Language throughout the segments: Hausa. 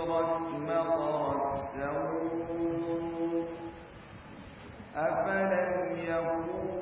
سيرت مطر السوء أفلم يكونوا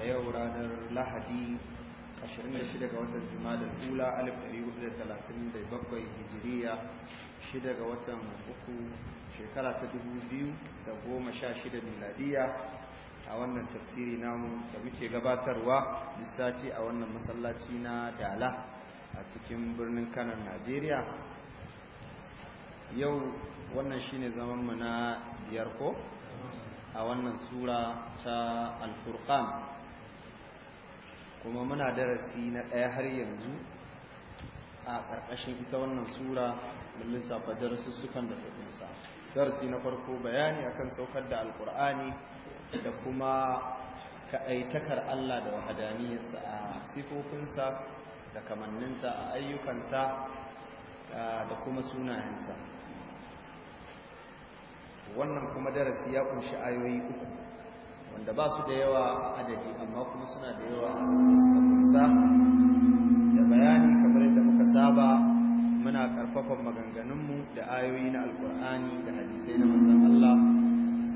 a yau ranar lahadi 26 ga watan jumadar kula 1437 hijiriya 6 ga watan uku shekara ta 2016 miladiya a wannan tafsiri namu da muke gabatarwa lissaci a wannan masallaci na dala a cikin birnin kanan najeriya yau wannan shine zaman mu na biyar ko a wannan sura ta alfurkan kuma muna darasi na ɗaya har yanzu a ƙarƙashin ita wannan sura mun lissafa darussukan da ta darasi na farko bayani akan saukar da alkur'ani da kuma kaɗaitakar Allah da wahadaniyarsa a sifofinsa da kamanninsa a ayyukansa da kuma sunayensa wannan kuma darasi ya kunshi ayoyi uku wanda ba su da yawa a adadi amma kuma suna da yawa a suka kunsa da bayani kamar yadda muka saba muna karfafan maganganunmu da ayoyi na alkur'ani da hadisai na manzon Allah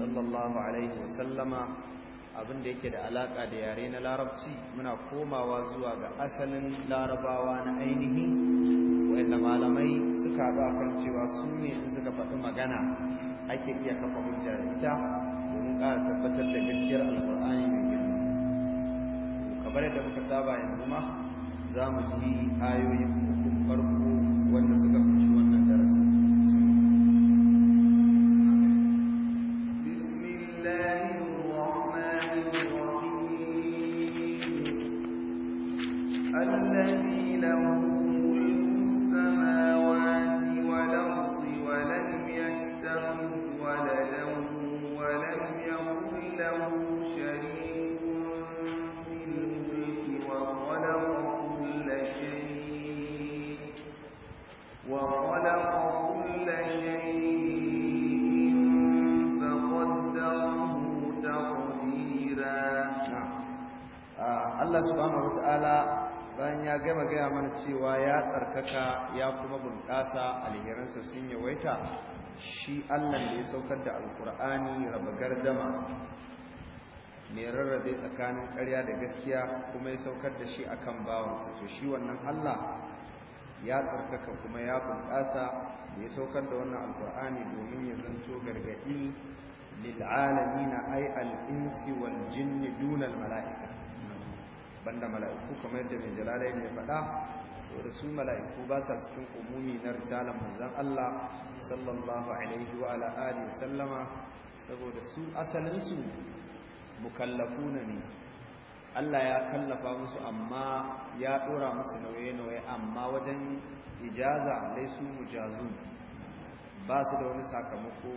sallallahu alaihi wasallama abin da yake da alaka da yare na larabci muna komawa zuwa ga asalin larabawa na ainihi wanda malamai suka ba kan cewa su ne in suka faɗi magana ake iya kafa hujjar ita domin ƙara tabbatar da gaskiyar alƙur'ani mai girma kamar yadda muka saba yanzu ma za mu ji ayoyin hukun farko wanda suka fi wannan darasi cewa ya tsarkaka ya kuma bunƙasa alherinsa sun yawaita shi Allah da ya saukar da alkur'ani raba gardama mai rarrabe tsakanin ƙarya da gaskiya kuma ya saukar da shi akan bawansa to shi wannan allah ya tsarkaka kuma ya bunƙasa ya saukar da wannan alkur'ani domin ya zanto gargaɗi lil'alamina ai al'insi wal jinni dunal mala'ika banda mala'iku kamar yadda mai jalalai ya faɗa saboda su mala'iku ba sa cikin umumi na risalar manzon Allah sallallahu alaihi wa al'adu sallama saboda su asalinsu, mukallafu na ne Allah ya kallafa musu amma ya ɗora musu nauye-nauye amma wajen ijaza laisu mujazu ba su da wani sakamako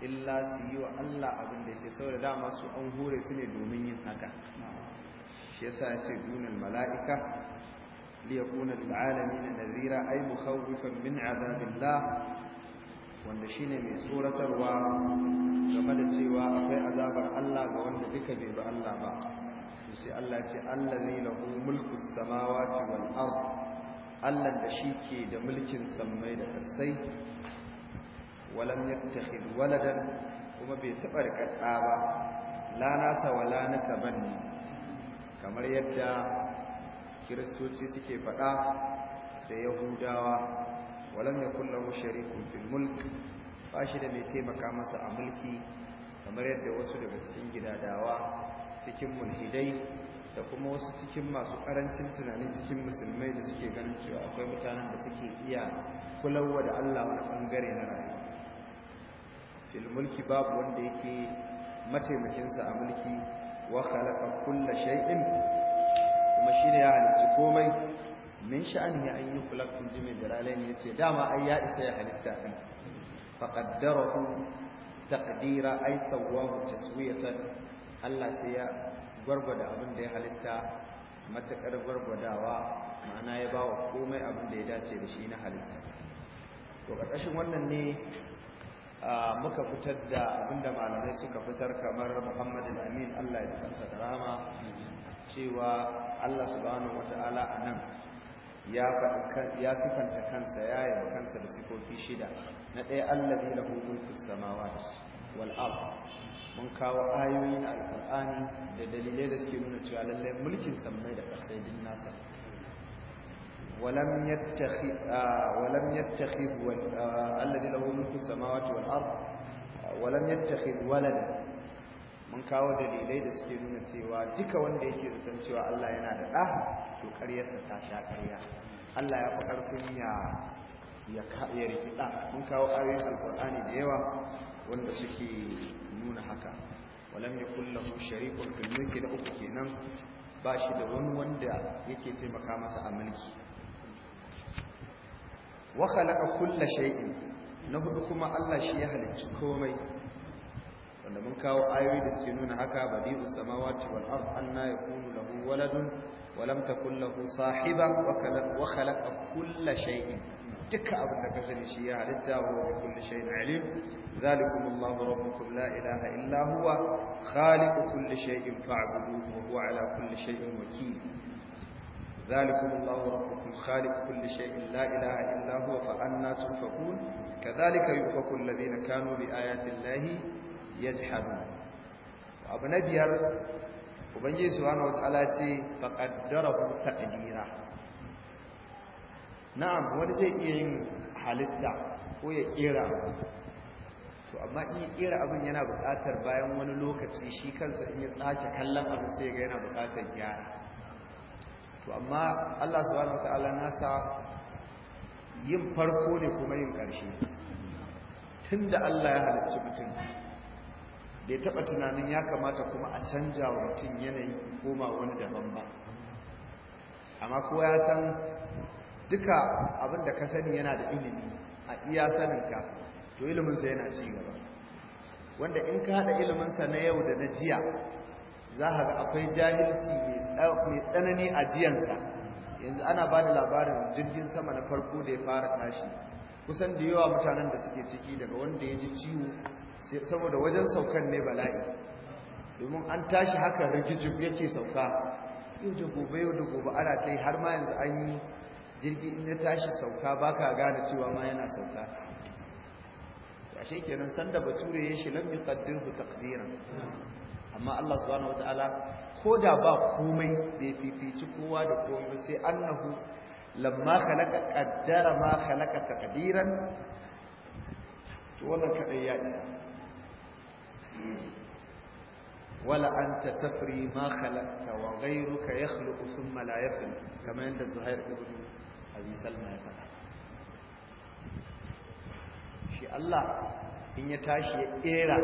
illa su yi wa Allah abin da ce saboda dama su an hure su ne domin yin haka shi yasa ya ce dunin mala'ika ليكون للعالمين نذيرا أي مخوفا من عذاب الله wanda shi ne mai tsoratarwa game da cewa akwai azabar Allah ga wanda duka bai bi Allah ba to Allah ce Allah ne lahu mulkus samawati wal ard Allah da shi ke da mulkin sammai da kasai walam yattakhid waladan kuma bai taba rikada ba la nasa wala natabanni kamar yadda kiristoci suke faɗa da yahudawa walam ya lahu sharikun shari'un mulk ba shi da mai taimaka masa a mulki kamar yadda wasu daga cikin gidadawa cikin mulhidai da kuma wasu cikin masu ƙarancin tunanin cikin musulmai da suke ganin cewa akwai mutanen da suke iya kulawa da Allah wani bangare na rayuwa filmulki babu wanda yake mataimakinsa a mulki wa khalaqa kulla shay'in kuma ne ya halicci komai min sha'ani an yi kulakun jimi ya yace dama ai ya isa ya halitta din faqaddarahu taqdira ay sawwahu taswiyatan Allah sai ya gwargwada abin da ya halitta matakar gwargwadawa ma'ana ya bawa komai abin da ya dace da shi na halitta to ƙarƙashin wannan ne muka fitar da abinda malamai suka fitar kamar Muhammad amin Allah ya kansa da rama cewa Allah subhanahu wata'ala a nan ya sifanta kansa ya yaba kansa da sifofi shida na ɗaya allazi lahu mulku samawati wal ard mun kawo ayoyin alqur'ani da dalilai da suke nuna cewa lallai mulkin sammai da ƙasai din nasa ولم يتخذ ولم يتخذ الذي له ملك السماوات والارض ولم يتخذ ولدا mun kawo dalilai da suke nuna cewa duka wanda yake zaton cewa Allah yana da ɗa to ƙaryarsa ta sha ƙarya Allah ya fi ƙarfin ya ya mun kawo ayoyin alƙur'ani da yawa wanda suke nuna haka walam kulla mu sharikun fil mulki da uku kenan ba shi da wani wanda yake taimaka masa a mulki wa khalaqa kulla shay'in na hudu kuma Allah shi ya halicci komai wanda mun kawo ayoyi da suke nuna haka badi'us samawati wal ard anna yakunu lahu waladun wa lam takul lahu sahiba wa wa khalaqa kulla shay'in duka abin da ka sani shi ya halitta wa huwa kulli shay'in alim zalikum Allahu rabbukum la ilaha illa huwa khaliqu kulli shay'in fa'buduhu wa huwa ala kulli shay'in wakeel ذلكم الله ربكم خالق كل شيء لا إله إلا هو فأنا تؤفكون كذلك يؤفك الذين كانوا بآيات الله yajhadun abu na biyar ubangiji subhanahu wataala ce faqaddarahu taqdira na'am wani zai iya yin halitta ko ya kira to amma in ya kira abin yana buƙatar bayan wani lokaci shi kansa in ya tsace kallon abin sai ga yana buƙatar gyara to amma Allah subhanahu wataala nasa yin farko ne kuma yin ƙarshe tunda Allah ya halicci mutum bai taɓa tunanin ya kamata kuma a canja wa mutum yanayi koma wani daban ba amma kowa ya san duka abinda da ka sani yana da ilimi a iya saninka to iliminsa yana ci wanda in ka haɗa iliminsa na yau da na jiya za a ga akwai jahilci mai tsanani a jiyansa yanzu ana ba da labarin jirgin sama na farko da ya fara tashi kusan da yawa mutanen da suke ciki daga wanda ya ji ciwo saboda wajen saukan ne bala'i domin an tashi haka rigijin yake sauka yau da gobe yau da gobe ana ta har ma yanzu an yi jirgi in tashi sauka ba ka gane cewa ma yana sauka ashe kenan sanda bature ya shi lam ku takdiran amma Allah subhanahu wataala ko da ba komai da ya fifici kowa da komai sai annahu lamma khalaqa qaddara ma khalaqa taqdiran to wannan kadai ya isa wala ta tafri ma khalaqta wa ghayruka yakhluqu thumma la yakhluq kama yadda Zuhair ibn Abi Salma ya faɗa shi Allah in ya tashi ya kera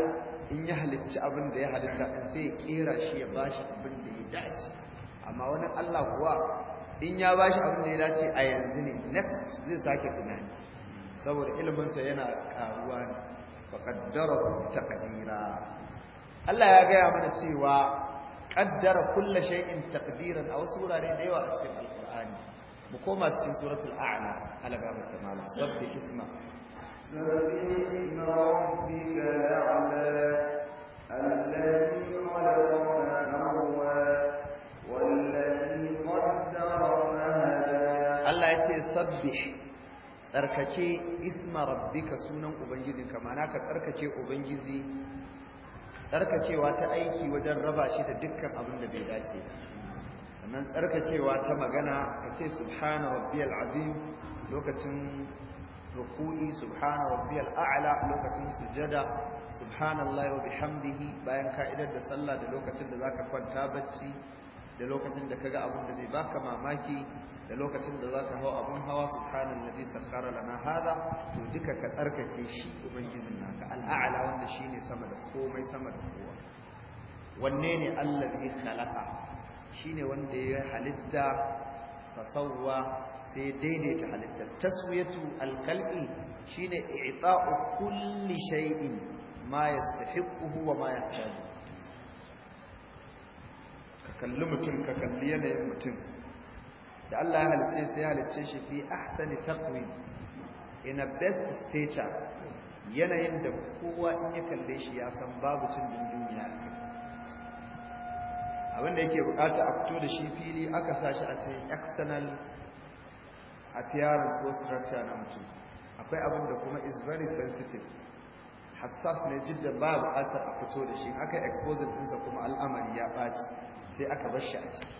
in ya halicci abin da ya halitta sai ya kera shi ya bashi abin da ya dace amma wani Allah kuwa in ya bashi abin da ya dace a yanzu ne next zai sake tunani saboda iliminsa yana karuwa ne faƙaddara taƙadira Allah ya gaya mana cewa ƙaddara kulla shay'in taqdiran a wasu wurare da yawa a cikin alƙur'ani mu koma cikin suratul a'la alaga mu tamala sabbi isma sabbi isma rabbika al'ala alladhi khalaqa Allah ya ce sabbih tsarkake isma rabbika sunan ubangijinka ma'ana ka tsarkake ubangiji tsarkakewa ta aiki wajen raba shi da dukkan abin da bai dace sannan tsarkakewa ta magana ka ce subhana rabbiyal azim lokacin ruku'i subhana rabbiyal a'la lokacin sujada subhanallahi wa bihamdihi bayan ka'idar da sallah da lokacin da zaka kwanta bacci da lokacin da kaga abin da zai baka mamaki da lokacin da za ka hau abun hawa subhanallazi sakhara lana hada to duka ka tsarkake shi ubangijin naka al'ala wanda shine sama da komai sama da kowa wanne ne allazi khalaqa shine wanda ya halitta fasawwa sai daidaita halitta taswiyatu alqalbi shine i'ta'u kulli shay'in ma yastahiquhu wa ma yahtaju ka kalli mutum ka kalli yanayin mutum da Allah ya halicce sai ya halicce shi fi ahsani taqwim in a best stature yanayin da kowa in ya kalle shi ya san babu cin dunduniya abin yake bukata a fito da shi fili aka sa shi a cikin external appearance ko structure na mutum akwai abin da kuma is very sensitive hassas ne jidda ba bukatar a fito da shi aka expose ɗinsa kuma al'amari ya ɓaci sai aka bar shi a ciki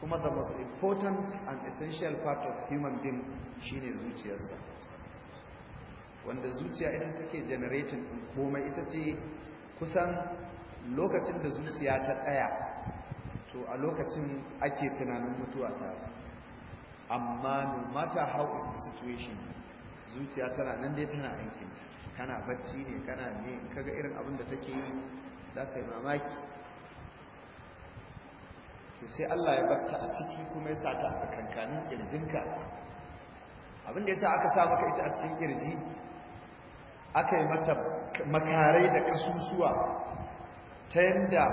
kuma the most important and essential part of human being shine zuciyarsa wanda zuciya ita take generating komai ita ce kusan lokacin da zuciya ta tsaya to a lokacin ake tunanin mutuwa ta amma no matter how is the situation zuciya tana nan dai tana aikin kana bacci ne kana ne kaga irin abin da take yi za ka yi mamaki to sai Allah ya barta a ciki kuma ya sata a kankanin kirjinka abin da sa aka sa maka ita a cikin kirji aka yi mata makarai da kasusuwa ta yadda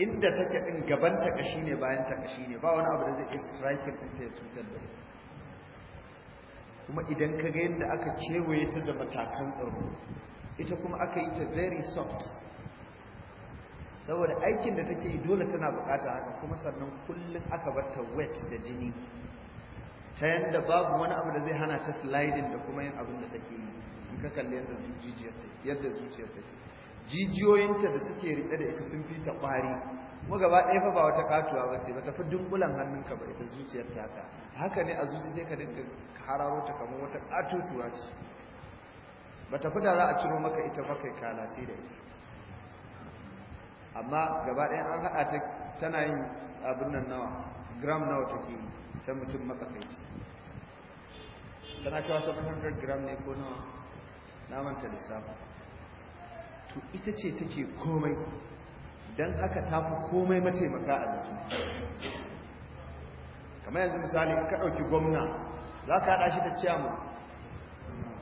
inda take din gaban ta kashi ne bayan ta kashi ne ba wani abu da zai striking din ta ya cutar da ita kuma idan ka ga yadda aka kewaye ta da matakan tsaro ita kuma aka yi ta very soft saboda aikin da take yi dole tana bukata haka kuma sannan kullum aka bar ta wet da jini ta yadda babu wani abu da zai hana ta sliding da kuma yin abin da take yi in ka kalli yadda zuciyar ta yadda zuciyar ta jijiyoyinta da suke rike da ita sun fi ta kwari kuma gaba ɗaya fa ba wata katuwa ba ce ba ta fi dunkulan hannunka ba ita zuciyar ta ta haka ne a zuci sai ka dinga hararo ta kamar wata katutuwa ce ba ta fi da za a ciro maka ita ba kai kalace da ita amma gaba ɗaya an haɗa ta tana yin abin nan nawa gram nawa take yi ta mutum matsakaici tana kawo 700 gram ne ko nawa namanta lissafi to ita ce take komai don haka ta fi komai mataimaka a jiki kamar yanzu misali ka ɗauki gwamna za ka haɗa shi da ciyaman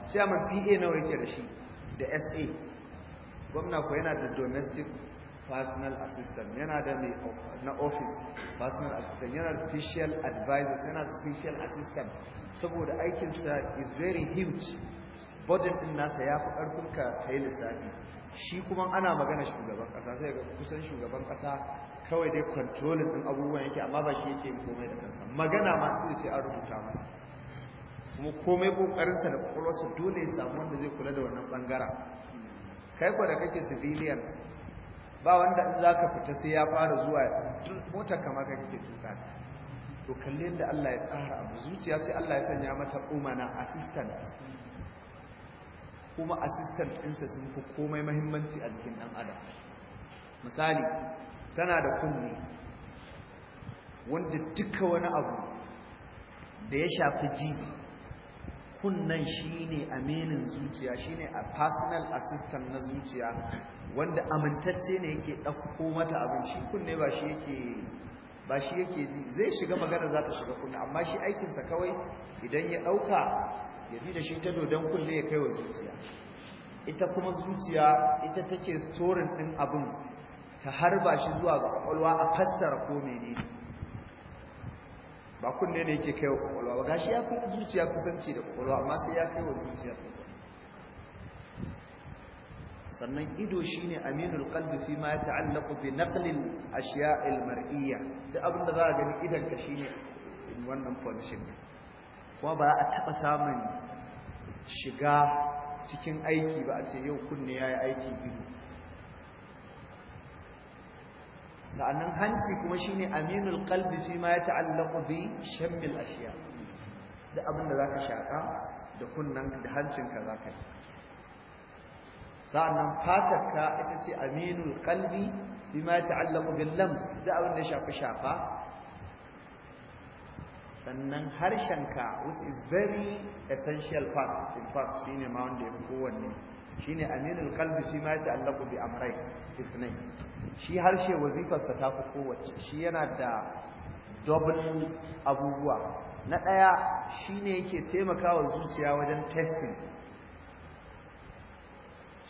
ciyaman pa nawa yake da shi da sa gwamna ko yana da domestic personal assistant yana da mai na office personal assistant yana da official advisor yana da social assistant saboda aikinsa is very huge budget din nasa ya fi ƙarfin ka kai lissafi shi kuma ana magana shugaban ƙasa sai ga kusan shugaban ƙasa kawai dai controlling din abubuwan yake amma ba shi yake yin komai da kansa magana ma sai an rubuta masa kuma komai kokarinsa da kwakwalwarsa dole ya samu wanda zai kula da wannan ɓangaren kai ko da kake civilian ba wanda in ka fita sai ya fara zuwa motar kamar ka kake tuka ta to kalli yadda Allah ya tsara abu zuciya sai Allah ya sanya mata umana assistant kuma assistant ɗinsa sun fi komai mahimmanci a jikin ɗan adam misali tana da kunne wanda duka wani abu da ya shafi ji kunnan shine aminin zuciya shi ne a personal assistant na zuciya wanda amintacce ne yake ɗauko mata abin shi kunne ba shi yake ba shi yake ji zai shiga magana za ta shiga kunne amma shi aikinsa kawai idan ya ɗauka ya bi da shi ta dodon kunne ya kai wa zuciya ita kuma zuciya ita take storin ɗin abin ta harba shi zuwa ga ƙwaƙwalwa a fassara ko mene ba kunne ne yake kai wa ƙwaƙwalwa ba gashi ya fi zuciya kusanci da ƙwaƙwalwa amma sai ya kai wa zuciya sannan ido shine aminul qalbi fi ma yata'allaqu bi naqlil ashiya'il mar'iyya da abin da za ka gani idan ka shine wannan position kuma ba a taba samun shiga cikin aiki ba a ce yau kunne yayi aiki ido Sannan hanci kuma shine aminul qalbi fi ma yata'allaqu bi shammil ashiya da abin da zaka shaka da kunnan da hancinka zaka yi sa'annan fatarka ita ce aminul qalbi bima ta'allaqu bil lams da abin da shafi shafa sannan harshenka which is very essential part in fact shine ne wanda ya kowanne shine aminul qalbi shi ma ta'allaqu bi amrayn isnai shi harshe wazifarsa ta fi kowace shi yana da double abubuwa na ɗaya shi ne yake taimakawa zuciya wajen testing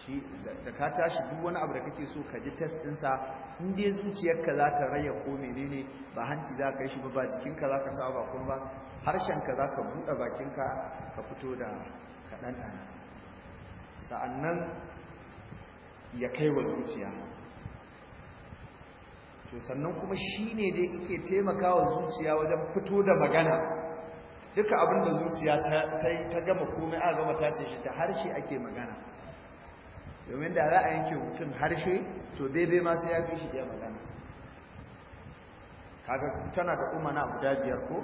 shi da ka tashi duk wani abu da kake so ka ji test ɗinsa in dai zuciyarka za ta raya ko menene ba hanci za ka yi shi ba ba jikinka za ka sa ba kuma ba harshenka za ka buɗe bakinka ka fito da kaɗan ɗana sa'annan ya kai wa zuciya to sannan kuma shi ne dai yake taimaka wa zuciya wajen fito da magana duka abin da zuciya ta gama komai a gama ta ce shi da harshe ake magana domin da za a yanke mutum harshe to daidai ma sai ya fi shi iya magana kaga tana da umana guda biyar ko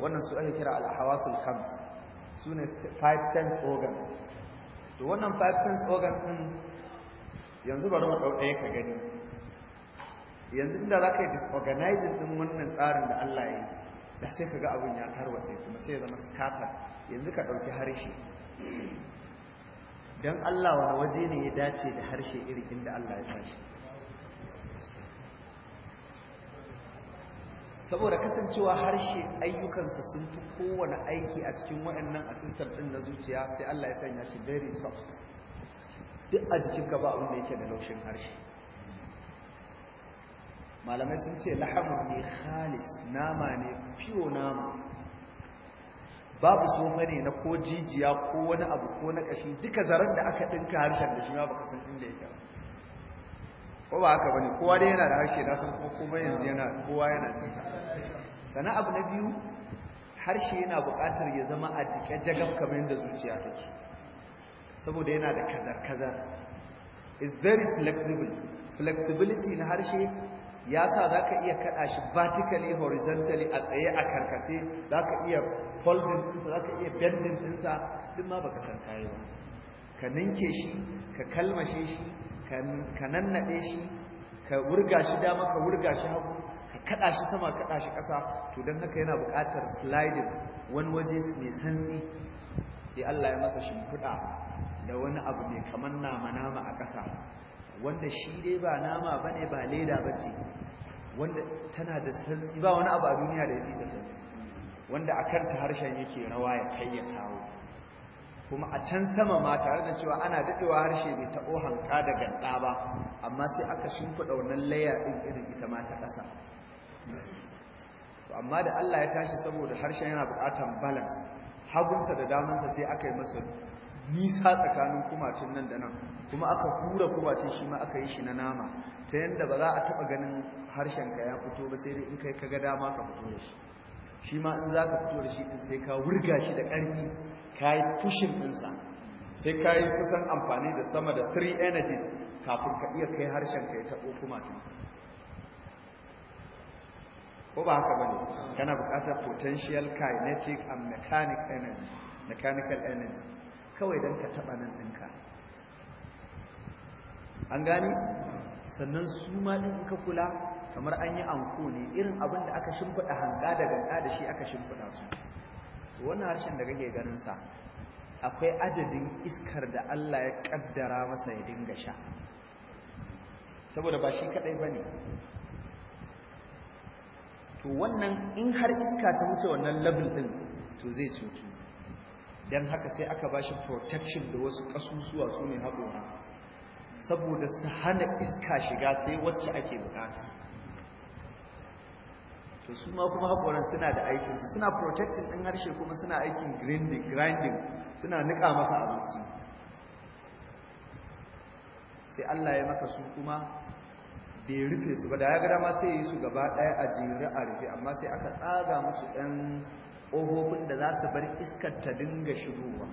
wannan su ake kira al-hawasul khams ne five sense organs to wannan five sense organs din yanzu bari mu dau ɗaya ka gani yanzu inda za ka yi disorganizing din wannan tsarin da Allah ya yi da sai ka ga abin ya tarwatsa kuma sai ya zama scatter yanzu ka ɗauki harshe don Allah wani waje ne ya dace da harshe iri inda Allah ya sashi saboda kasancewa harshe ayyukansa sun fi kowane aiki a cikin waɗannan asistar ɗin na zuciya sai Allah ya sanya shi very soft duk a jikin ka ba abin da yake da laushin harshe malamai sun ce lahamun ne khalis nama ne fiyo nama babu soma ne na ko jijiya ko wani abu ko na ƙashi duka zaren da aka ɗinka harshen da shi ma ba san inda yake ko ba haka bane kowa dai yana da harshe na san ko kuma yanzu yana kowa yana nisa sannan abu na biyu harshe yana buƙatar ya zama a jike jagab kamar yadda zuciya take saboda yana da kazar kazar is very flexible flexibility na harshe ya sa za ka iya kaɗa shi vertically horizontally a tsaye a karkace za ka iya folding ɗinsa za ka iya bending ɗinsa duk ma baka san kayi ba ka ninke shi ka kalmashe shi ka nannaɗe shi ka wurga shi dama ka wurga shi hagu ka kaɗa shi sama kaɗa shi ƙasa to don haka yana buƙatar sliding wani waje mai santsi sai Allah ya masa shimfiɗa da wani abu mai kamar nama nama a ƙasa wanda shi dai ba nama ba ne ba leda ba ce wanda tana da santsi ba wani abu a duniya da ya fi ta wanda a kanta harshen yake rawa ya kai ya kawo kuma a can sama ma tare da cewa ana daɗewa harshe bai taɓo hanka da gaɗa ba amma sai aka shimfiɗa wannan laya ɗin irin ita ma ta ƙasa amma da Allah ya tashi saboda harshen yana buƙatar balance hagunsa da damansa sai aka yi masa nisa tsakanin kumacin nan da nan kuma aka hura kumacin shi ma aka yi shi na nama ta yadda ba za a taɓa ganin harshenka ya fito ba sai dai in kai kaga dama ka fito da shi shi ma in za ka fito da shi ɗin sai ka wurga shi da ƙarfi ka yi fushin ɗinsa sai ka yi kusan amfani da sama da three energies kafin ka iya kai harshenka ya taɓo kumacin ko ba haka bane kana buƙatar potential kinetic and mechanic energy mechanical energy kawai don ka taɓa nan ɗinka an gani sannan su ma ɗin ka kula kamar an yi anko ne irin abin da aka shimfiɗa hanga da ganga da shi aka shimfiɗa su wannan harshen da kake ganin sa akwai adadin iskar da Allah ya kaddara masa ya dinga sha saboda ba shi kadai ne. to wannan in har iska ta wuce wannan labin ɗin, to zai cutu don haka sai aka ba shi protection da wasu ƙasusuwa su ne na, saboda su hana iska shiga sai wacce ake bukata to su ma kuma haƙoran suna da aikinsu suna protecting ɗin harshe kuma suna aikin grinding grinding suna niƙa maka abinci sai Allah ya maka su kuma bai rufe su ba da ya gada dama sai yi su gaba ɗaya a jere a rufe amma sai aka tsaga musu ɗan ƙofofin da za su bar iskar ta dinga shigowa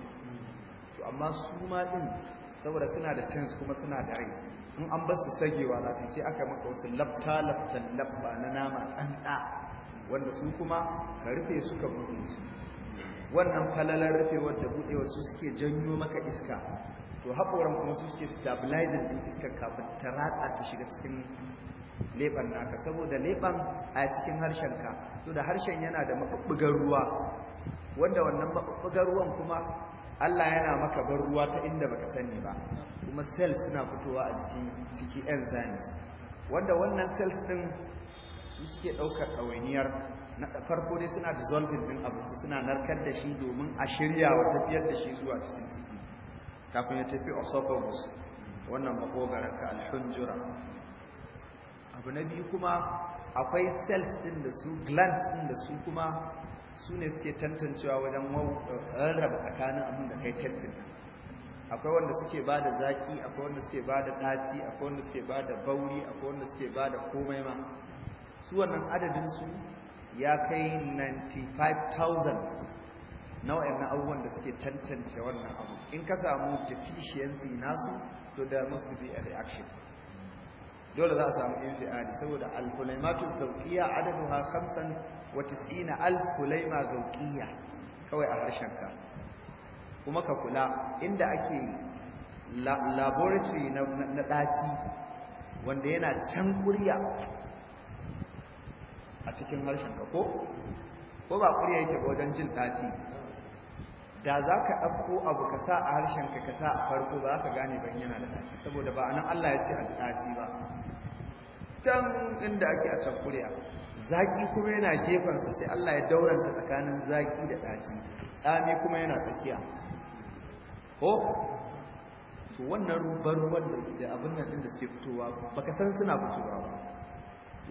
to amma su ma ɗin saboda suna da sense kuma suna da rai in an ba su sagewa za su sai aka maka wasu lafta laftan labba na nama tsantsa wanda su kuma ka rufe su ka buɗe su wannan falalar rufewar da buɗewa su suke janyo maka iska to haƙoran kuma su suke stabilizing ɗin iskar kafin ta ratsa ta shiga cikin leɓen naka saboda leɓen a cikin harshen ka so da harshen yana da mabubbugar ruwa wanda wannan mabubbugar ruwan kuma Allah yana maka bar ruwa ta inda baka sani ba kuma cells suna fitowa a cikin ciki enzymes wanda wannan cells din su suke daukar dawainiyar na farko dai suna dissolving din abinci suna narkar da shi domin a shirya wa tafiyar da shi zuwa cikin ciki kafin ya tafi esophagus wannan makogaranka alhunjura abu na biyu kuma akwai cells din da su glands din da su kuma su ne suke tantancewa wajen rarraba tsakanin abin da kai testing akwai wanda suke ba da zaki akwai wanda suke ba da ɗaci akwai wanda suke ba da bauri akwai wanda suke ba da komai ma su wannan su ya kai 95,000 nau'in na abubuwan da suke tantance wannan abu in ka samu deficiency nasu to there must be a reaction dole za a samu irtiadi saboda al-kulaimatu zawqiyya adaduha 95 al-kulaima zawqiyya kawai a harshen ka kuma ka kula inda ake laboratory na ɗaci wanda yana can kurya a cikin harshen ka ko ko ba kurya yake wajen jin ɗaci da za ka ɗauko abu ka sa a harshenka ka sa a farko ba za ka gane ban yana da ɗaci saboda ba a nan Allah ya ce a ɗaci ba can inda ake a can kuriya zaki kuma yana gefensa sai Allah ya dauranta tsakanin zaki da ɗaci tsami kuma yana tsakiya ko to wannan rubar wannan da abin nan din da suke fitowa baka san suna fitowa ba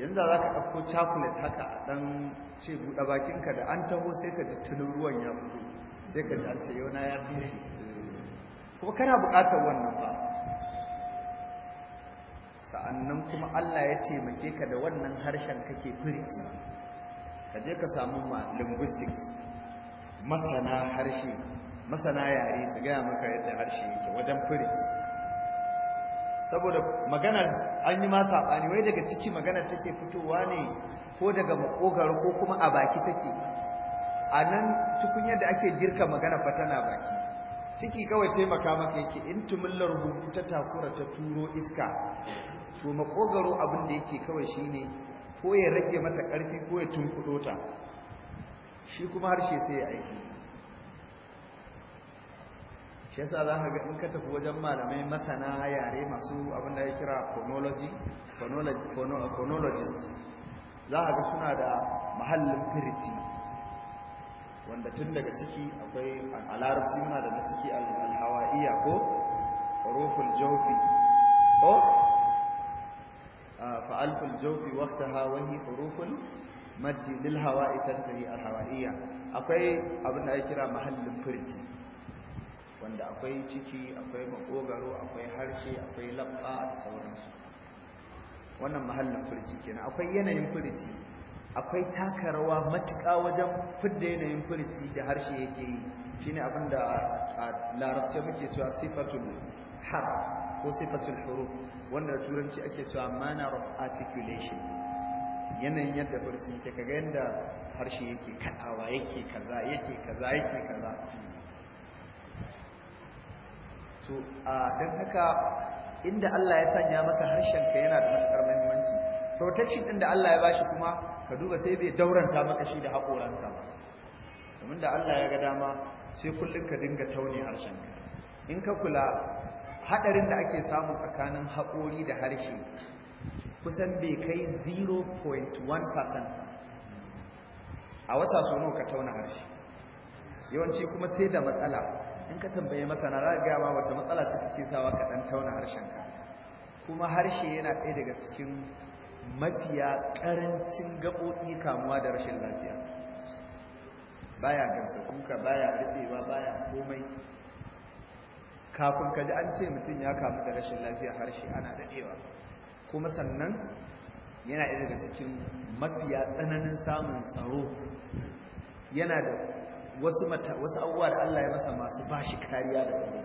yanzu za ka ɗauko chocolate haka a ɗan ce buɗe bakinka da an taho sai ka ji tunin ruwan ya fito sai ka ji an ce yau na ya fi kuma kana buƙatar wannan ba sa'annan kuma Allah ya taimake ka da wannan harshen kake firki ka je ka samu ma linguistics masana harshe masana yare su gaya maka yadda harshe yake wajen firki saboda magana an yi ma saɓani wai daga ciki magana take fitowa ne ko daga makogar ko kuma a baki take a nan tukunyar da ake girka magana fa tana baki ciki kawai taimaka maka yake in tumullar hutu ta takura ta turo iska to makogaro abin da yake kawai shi ne, ko ya rage mata ƙarfi ko ya tunkudo ta shi kuma harshe sai ya aiki shi yasa za ka ga in ka tafi wajen malamai masana yare masu abin da ya kira phonology phonologist za ka ga suna da mahallin firici wanda tun daga ciki akwai alarci muna da na ciki alhawaiya ko rufin jofi ko فألف الجوف وقتها وهي حروف المد للهواء تنتهي الهوائية أقوي أبن أكرا محل فرجي wanda akwai ciki akwai makogaro akwai harshe akwai labba da sauransu wannan mahallin furici kenan akwai yanayin furici akwai taka rawa matuƙa wajen fidda yanayin furici da harshe yake yi shine abin da a larabce muke cewa sifatul har ko sifatul huruf wanda turanci ake cewa manner of articulation yanayin yadda farsi yake kaga yadda harshe yake kadawa yake kaza yake kaza yake kaza to a don haka inda Allah ya sanya maka harshen ka yana da matukar muhimmanci protection inda da Allah ya bashi kuma ka duba sai bai dauranta maka shi da haƙoranta ba domin da Allah ya ga dama sai kullum ka dinga taune harshen ka in ka kula haɗarin da ake samu tsakanin haƙori da harshe kusan bai kai 0.1% a wata sono ka tauna harshe yawanci kuma sai da matsala in ka tambaye masana za ga wata matsala ce take sawa ka dan tauna harshenka kuma harshe yana ɗaya daga cikin mafiya ƙarancin gaɓoɓi kamuwa da rashin lafiya baya gansa kuka baya rufewa baya komai kafin ka ji an ce mutum ya kamu da rashin lafiya harshe ana daɗewa kuma sannan yana iya daga cikin mafiya tsananin samun tsaro yana da wasu wasu abubuwa da Allah ya masa masu ba shi kariya da tsaro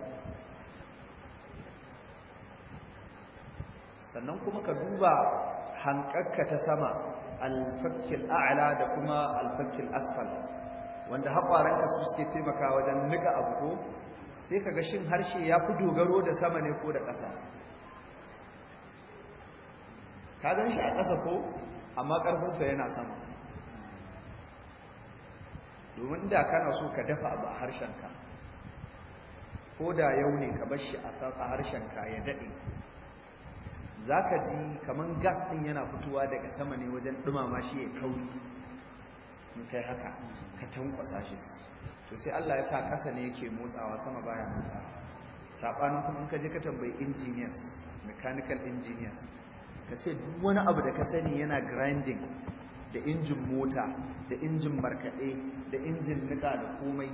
sannan kuma ka duba hankarka ta sama alfakil a'ala da kuma alfakil asfal wanda haƙwaranka su suke taimaka wajen nika abu ko sai ka shin harshe ya fi dogaro da sama ne ko da ƙasa ka zan shi a ƙasa ko amma ƙarfinsa yana sama domin da kana so ka dafa abu a harshenka ko da yau ne ka bashi a harshen harshenka ya daɗe za ka ji kamar gas ɗin yana fitowa daga sama ne wajen ɗumama shi ya kauri in kai haka ka tankwasa shi to sai Allah ya sa ƙasa ne yake motsawa sama bayan motsa sabanin kuma in ka je ka tambayi engineers mechanical engineers ka ce duk wani abu da ka sani yana grinding da injin mota da injin markaɗe da injin nika da komai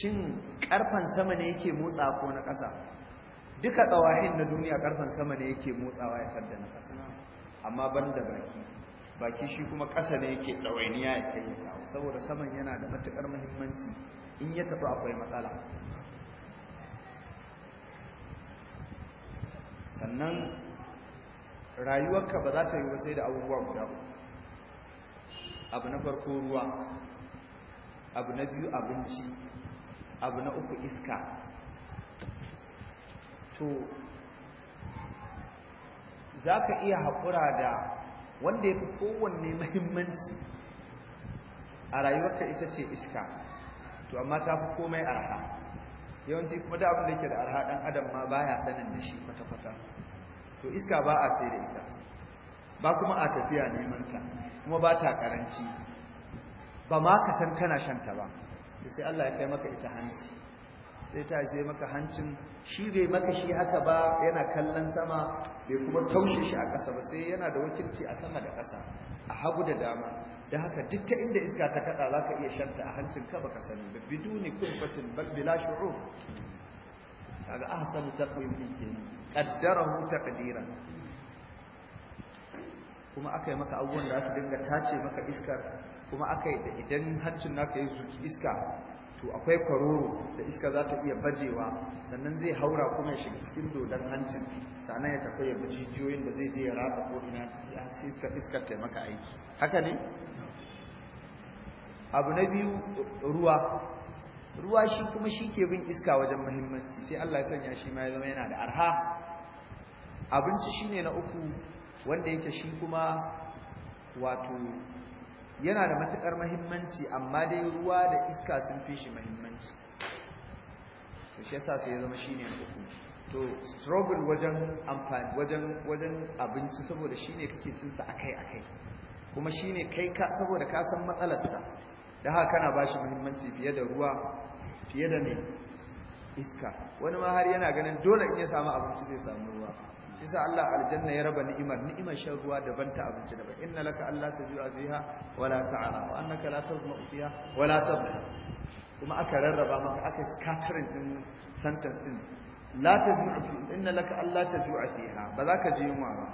shin ƙarfan sama ne yake motsa ko na ƙasa duka ƙawahin na duniya ƙarfan sama ne yake motsawa ya da na ƙasa amma ban da baki baki shi kuma ƙasa ne yake ɗawainiya ya kai saboda saman yana da matuƙar muhimmanci in ya taɓa akwai matsala sannan rayuwarka ba za ta yi wasai da abubuwa guda ba? abu na farko ruwa abu na biyu abinci abu na uku iska to za ka iya haƙura da wanda ya fi kowanne mahimmanci a rayuwarka ita ce iska to amma ta fi komai arha yawanci kuma da abin da ke da arha ɗan adam ma baya sanin da shi kwata-kwata to iska ba a sai da ita ba kuma a tafiya neman ta kuma ba ta karanci ba ma ka san kana shanta ba sai Allah ya kai maka ita hanci sai ta je maka hancin shi bai maka shi haka ba yana kallon sama bai kuma taushe shi a ƙasa ba sai yana da wakilci a sama da ƙasa a hagu da dama da haka duk ta inda iska ta kada za ka iya shanta a hancin ka baka sani ba ne kurfatin bal bila shuru kaga ahsanu taqwim din kaddara huta taqdiran kuma aka yi maka abubuwan da su dinga tace maka iskar kuma aka yi da idan hancin naka ya zuki iska to akwai kwaroro da iska za ta iya bajewa sannan zai haura kuma ya shiga cikin dodon hancin sannan ya tafi ya jijiyoyin da zai je ya ratsa ko ina ya iska taimaka aiki haka ne abu na biyu ruwa ruwa shi kuma shi ke bin iska wajen mahimmanci sai Allah ya sanya shi ma ya zama yana da arha abinci shine na uku wanda yake shi kuma wato yana da matukar muhimmanci amma dai ruwa da iska sun fi shi muhimmanci to shi yasa sai ya zama shine uku to struggle wajen amfani wajen wajen abinci saboda shine kake cin sa akai akai kuma shine kai ka saboda ka san matsalar sa da haka kana bashi muhimmanci fiye da ruwa fiye da ne iska wani ma har yana ganin dole in ya samu abinci zai samu ruwa yasa Allah aljanna ya raba ni'imar ni'imar shan ruwa daban ta abinci daban inna laka Allah ta tajua fiha wala ta'ala wa annaka la tazma fiha wala tabla kuma aka rarraba maka aka scattering din sentence din la tajua fi inna laka Allah ta tajua fiha ba za ka ji yunwa ba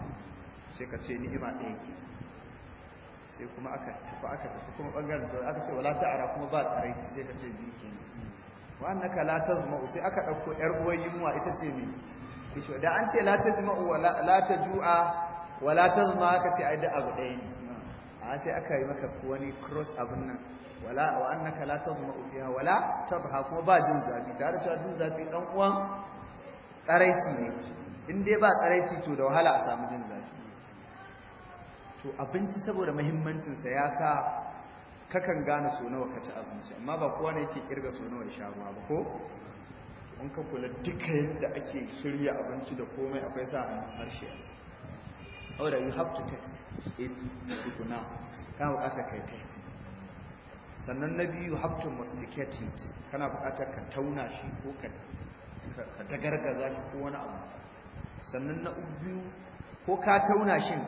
sai ka ce ni'ima ɗaya ke sai kuma aka tafi aka tafi kuma bangaren da aka ce wala ta'ara kuma ba tsaraici sai ka ce biyu ke wa annaka la tazma sai aka ɗauko ƴar uwar yunwa ita ce me kishiwa da an ce la tajma'u wa la jua, wa la tazma ka ce ai da abu ɗaya ne a sai aka yi maka wani cross abin nan wala wa annaka la tazma'u fiha wala tabha kuma ba jin zafi tare da jin zafi dan uwan tsaraici ne in dai ba tsaraici to da wahala a samu jin zafi to abinci saboda sa ya sa kakan gane so nawa ka ci abinci amma ba kowa ne yake kirga so nawa ya sha ruwa ba ko in ka kula duka yadda ake shirya abinci da komai akwai sa a harshe yanzu saboda you have to test it tukuna kana bukatar kai test sannan na biyu you have to masticate it kana bukatar ka tauna shi ko ka ka dagargaza shi ko wani abu sannan na biyu ko ka tauna shi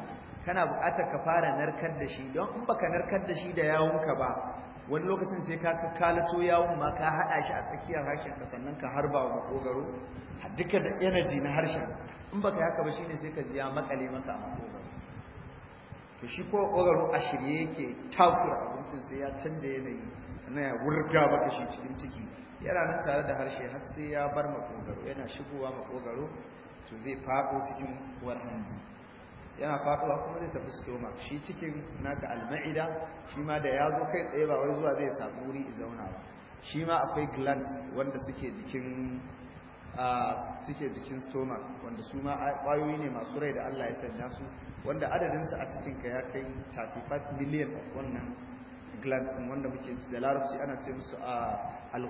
kana bukatar ka fara narkar da shi don in baka narkar da shi da yawunka ba wani lokacin sai ka kalato yawon ma ka haɗa shi a tsakiyar harshen ka sannan ka harba wa makogaro duka da energy na harshen in baka haka ba shine sai ka ji ya makale maka a makogaro to shi ko makogaro a shirye yake takura abincin sai ya canja yanayi na ya wurga maka shi cikin ciki yana nan tare da harshe har sai ya bar makogaro yana shigowa makogaro to zai faɗo cikin uwar hanji yana faduwa kuma zai tafi stoma shi cikin naka alma'ida shi ma da ya zo kai tsaye ba wai zuwa zai samu wuri zauna ba shi ma akwai glands wanda suke jikin suke jikin stomach wanda su ma kwayoyi ne masu rai da Allah ya sanya su wanda su a cikin ka ya kai 35 million of wannan glands wanda muke da larabci ana ce musu a al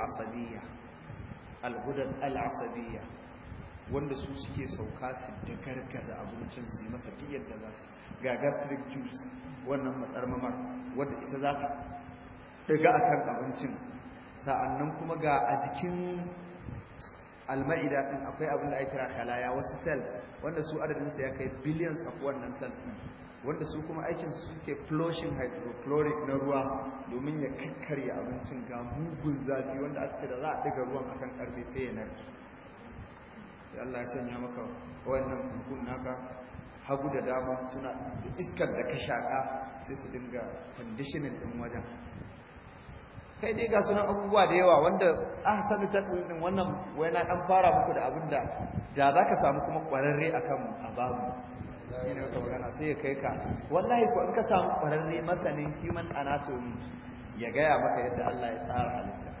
asabiyya al-ghudad al-asabiyya wanda su suke sauka su da gargaza abincin su yi masa tiyar da za su ga gastric juice wannan matsar mamar wadda ita za ta daga a kan abincin sa'annan kuma ga a jikin alma'ida ɗin akwai abin da ake kira ya wasu cells wanda su adadin su ya kai billions of wannan cells ɗin wanda su kuma aikin su ke flushing hydrochloric na ruwa domin ya kakkarya abincin ga mugun zafi wanda aka da za a daga ruwan akan karfe sai ya narki sai Allah ya sanya maka wannan kunkun naka hagu da dama suna da iskar da ka shaka sai su dinga conditioning din wajen kai dai ga sunan abubuwa da yawa wanda sani ta din wannan na dan fara muku da abinda da ka samu kuma kwararre akan babu. ina ka magana sai ya kai ka wallahi ko in ka samu kwararre masanin human anatomy ya gaya maka yadda Allah ya tsara halitta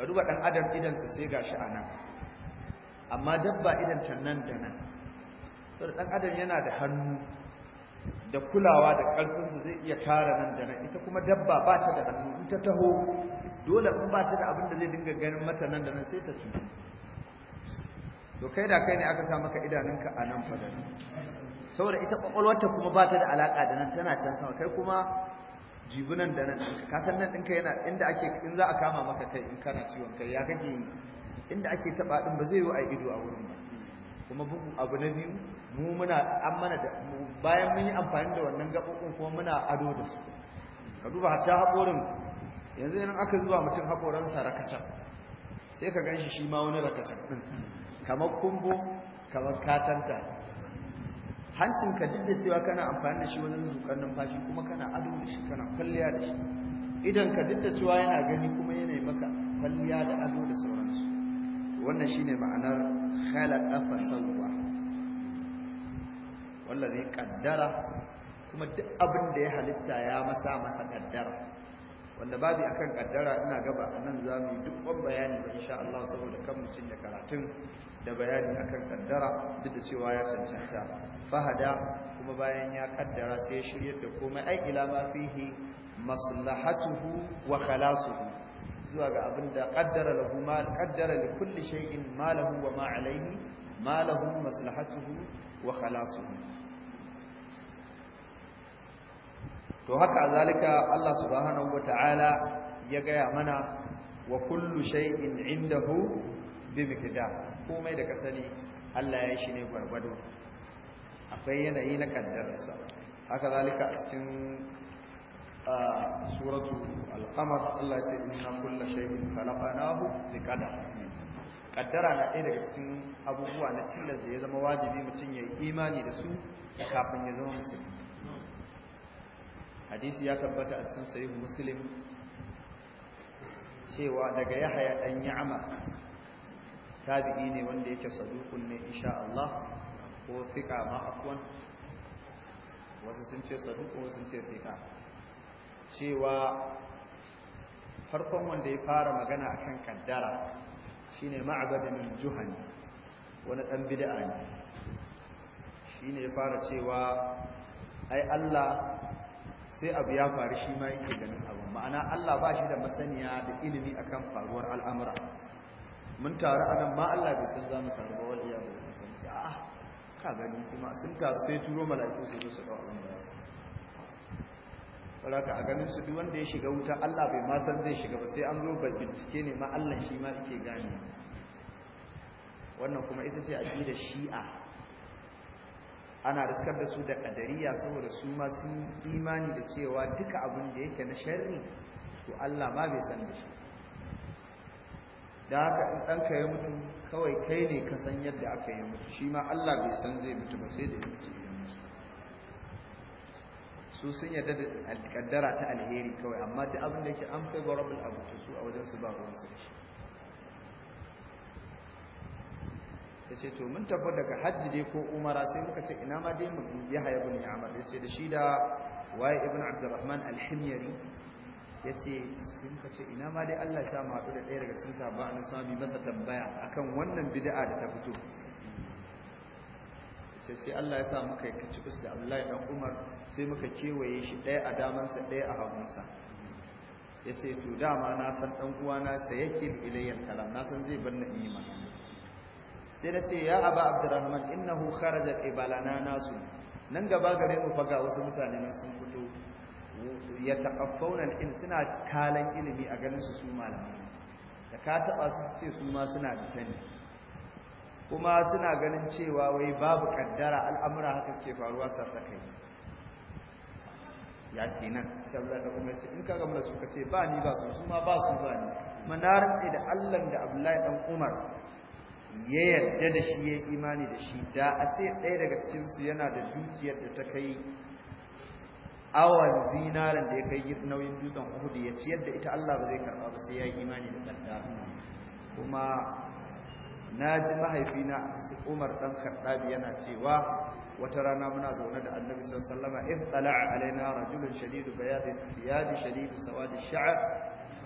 ka duba dan adam idan su sai gashi anan amma dabba idan ta nan da nan saboda dan adam yana da hannu da kulawa da karfinsa zai iya kare nan da nan ita kuma dabba ba ta da hannu in ta taho dole in ba ta da abin da zai dinga ganin mata nan da nan sai ta tuni to kai da kai ne aka sa maka idanunka a nan fa saboda ita kwakwalwarta kuma ba ta da alaka da nan tana can sama kai kuma jibunan da nan ka san nan ɗinka yana inda ake in za a kama maka kai in kana ciwon kai ya kake yi inda ake taba din ba zai yi a ido a wurin ba kuma bugu abu na biyu mu muna an mana da bayan mun yi amfani da wannan gabobin kuma muna ado da su ka duba hatta haƙorin yanzu idan aka zuwa mutum sa rakatan sai ka ganshi shi ma wani rakatan din kamar kumbo kamar katanta hancin ka jidda cewa kana amfani da shi wajen nan numfashi kuma kana ado da shi kana kwalliya da shi idan ka duk cewa yana gani kuma yana maka kwalliya da ado da sauransu wannan shine ma'anar khalaqa fa wallazi qaddara kuma duk abin da ya halitta ya masa masa kaddara wanda babu akan kaddara ina gaba anan zamu yi duk wani bayani ba insha Allah saboda kan mutun da karatun da bayani akan kaddara duk da cewa ya cancanta fahada kuma bayan ya kaddara sai ya shiryar da komai ai ila ma fihi maslahatuhu wa khalasuhu zuwa ga abin da qaddara lahu ma qaddara li kulli shay'in ma lahu wa ma alayhi ma lahu maslahatuhu wa khalasuhu to haka zalika Allah subhanahu wata'ala ya gaya mana wa kullu shay'in indahu bi miqdar komai da ka sani Allah ya shi ne gwargwado akwai yanayi na kaddarsa haka zalika a cikin a suratu al'amar Allah ce inna kulla shay'in khalaqnahu liqadar kaddara na ɗaya daga cikin abubuwa na tilas da ya zama wajibi mutum ya yi imani da su kafin ya zama musulmi hadisi ya tabbata a cikin sahih muslim cewa daga yahaya dan ya'ma tabi'i ne wanda yake sadukun ne insha Allah ko fika ma afwan wasu sun ce sadukun wasu sun ce fiqa cewa farkon wanda ya fara magana a kan kaddara shine ne ma'abadin juhani wani dan bida'a ne ne ya fara cewa ai Allah sai abu ya faru shi ma yake ganin abu ma'ana Allah ba shi da masaniya da ilimi akan faruwar al'amura mun taru anan ma Allah bai san mu taru ba wal iyyahu san ah ka gani kuma sun taru sai turo mala'iku su zo su dawo Allah saboda a ganin su duk wanda ya shiga wuta Allah bai ma san zai shiga ba sai an zo bincike ne ma Allah shi ma yake gane wannan kuma ita ce aqidar shi'a ana riskar da su da kadariya saboda su ma sun imani da cewa duka abin da yake na sharri to Allah ma bai san da shi da haka in ɗanka ya mutu kawai kai ne ka san yadda aka yi mutu shi ma Allah bai san zai mutu ba sai da mutu su sun yarda da kaddara ta alheri kawai amma ta abin da yake an favorable abu to su a wajen su ba ruwan su ce to mun tabbata daga hajji dai ko umara sai muka ce ina ma dai mu Yahya ibn ya ce da shi da waye ibn Abdurrahman al ya ce sun ka ce ina ma dai Allah ya samu mu haɗu da ɗaya daga sun sahaba an sami masa tambaya akan wannan bida'a da ta fito sai sai Allah ya sa muka yi kacibus da Abdullahi dan Umar sai muka kewaye shi ɗaya a damansa ɗaya a hagunsa ya ce to dama na san ɗan uwana sa yake ilayyar kalam na san zai bar na iman sai na ce ya aba abdurrahman innahu kharaja ibalana nasu nan gaba gare mu faga wasu mutane nan sun fito ya taqaffawna in suna kalan ilimi a ganin su su malamai da ka taba su ce su ma suna da sani kuma suna ganin cewa wai babu kaddara al'amura haka suke faruwa sasakai ya ce nan saboda da kuma ce in ka gamla suka ce ba ni ba su su ma ba su ba ni manarar da allan da abdullahi dan umar ya yarda da shi ya imani da shi da a ce ɗaya daga cikinsu yana da dukiyar da ta kai awon zinarin da ya kai nauyin dutsen uhudu ya ciyar da ita allah ba zai karɓa ba sai ya yi imani da kuma naji mahaifina Umar dan Khattab yana cewa wata rana muna zaune da Annabi sallallahu alaihi wasallam in tala'a alaina rajulun shadidu bayadi thiyab shadidu sawadi sha'r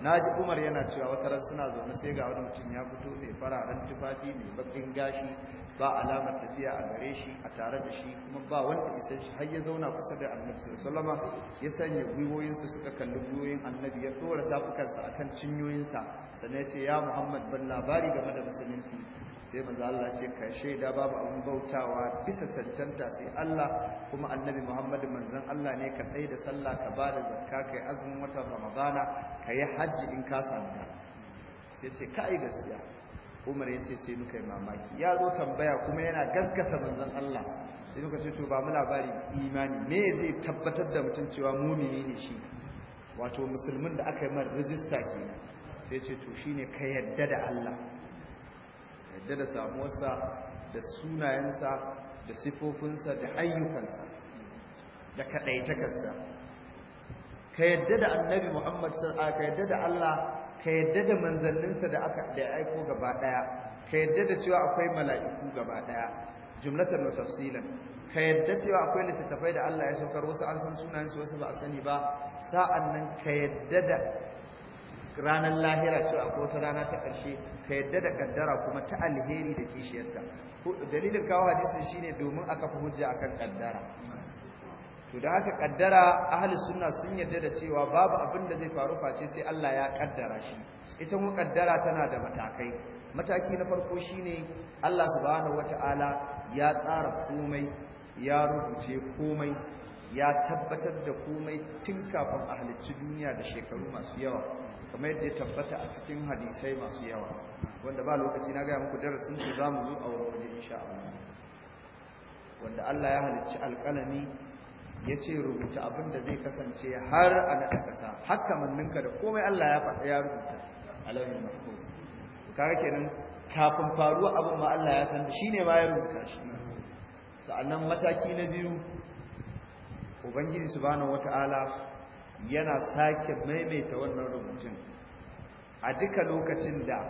na ji umar yana cewa wata ran suna zaune sai ga wani mutum ya fito mai fararen tufafi mai bakin gashi ba alamar tafiya a gare shi a tare da shi kuma ba wanda isan shi har ya zauna kusa da annabi sallallahu alaihi ya sanya gwiwoyinsa suka kalli gwiwoyin annabi ya dora zafukansa akan cinyoyinsa sannan ya ce ya muhammad ban labari game da musulunci sai manzo Allah ce ka shaida babu abin bautawa bisa cancanta sai Allah kuma annabi Muhammadu manzon Allah ne ka tsaye da sallah ka bada zakka kai azumin watan Ramadana ka yi hajji in ka samu sai ce kai gaskiya Umar ya ce sai muka yi mamaki ya zo tambaya kuma yana gaskata manzon Allah sai muka ce to ba mu labari imani me zai tabbatar da mutum cewa mumini ne shi wato musulmin da aka yi mar rijista kenan sai ce to shine ka yarda da Allah yadda da samuwarsa da sunayensa da sifofinsa da ayyukansa da kaɗaitakarsa ka yadda da annabi muhammad sallallahu ka yadda da allah ka yadda da manzanninsa da aka da aiko gaba ɗaya ka yadda da cewa akwai mala'iku gaba ɗaya jumlatan wa tafsilan ka yadda cewa akwai littattafai da Allah ya saukar wasu an san sunayensu wasu ba a sani ba sa'an nan ka yadda da ranar lahira ce a wata rana ta ƙarshe ka yadda da kaddara kuma ta alheri da kishiyarta dalilin kawo hadisin shine domin aka fi hujja akan kaddara to da haka ƙaddara ahli sunna sun yadda da cewa babu abin da zai faru face sai Allah ya ƙaddara shi ita mu kaddara tana da matakai mataki na farko shine Allah subhanahu wataala ya tsara komai ya rubuce komai ya tabbatar da komai tun kafin a halicci duniya da shekaru masu yawa kamar yadda ya tabbata a cikin hadisai masu yawa wanda ba lokaci na gaya muku darasin su za mu zo a wani wajen insha Allah wanda Allah ya halicci alƙalami ya ce rubuta abin da zai kasance har a naɗa ƙasa haka manninka da komai Allah ya faɗa ya rubuta launin mahfuz kaga kenan kafin faruwa abin ma Allah ya san ne ma ya rubuta shi sa'annan mataki na biyu ubangiji subhanahu wata'ala yana sake maimaita wannan rubutun a duka lokacin da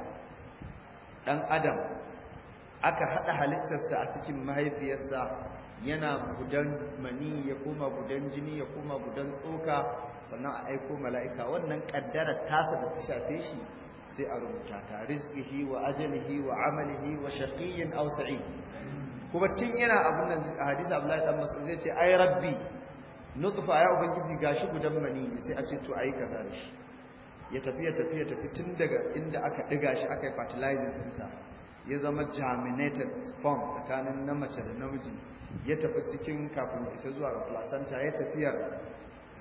ɗan adam aka haɗa halittarsa a cikin mahaifiyarsa yana gudan mani ya koma gudan jini ya koma gudan tsoka sannan a aiko mala'ika wannan ƙaddara tasa da ta shafe shi sai a rubuta ta rizkihi wa ajalihi wa amalihi wa shaƙiyin ausa'i kuma tun yana abin nan hadisa abu la'adar masu zai ce ai rabbi nutfa ya ubangiji gashi gudan mani sai a ce to ayi kaza da shi ya tafi ya tafi ya tafi tun daga inda aka diga shi aka yi din sa ya zama germinated sperm tsakanin na mace da namiji ya tafi cikin kafin isa zuwa ga placenta ya tafiya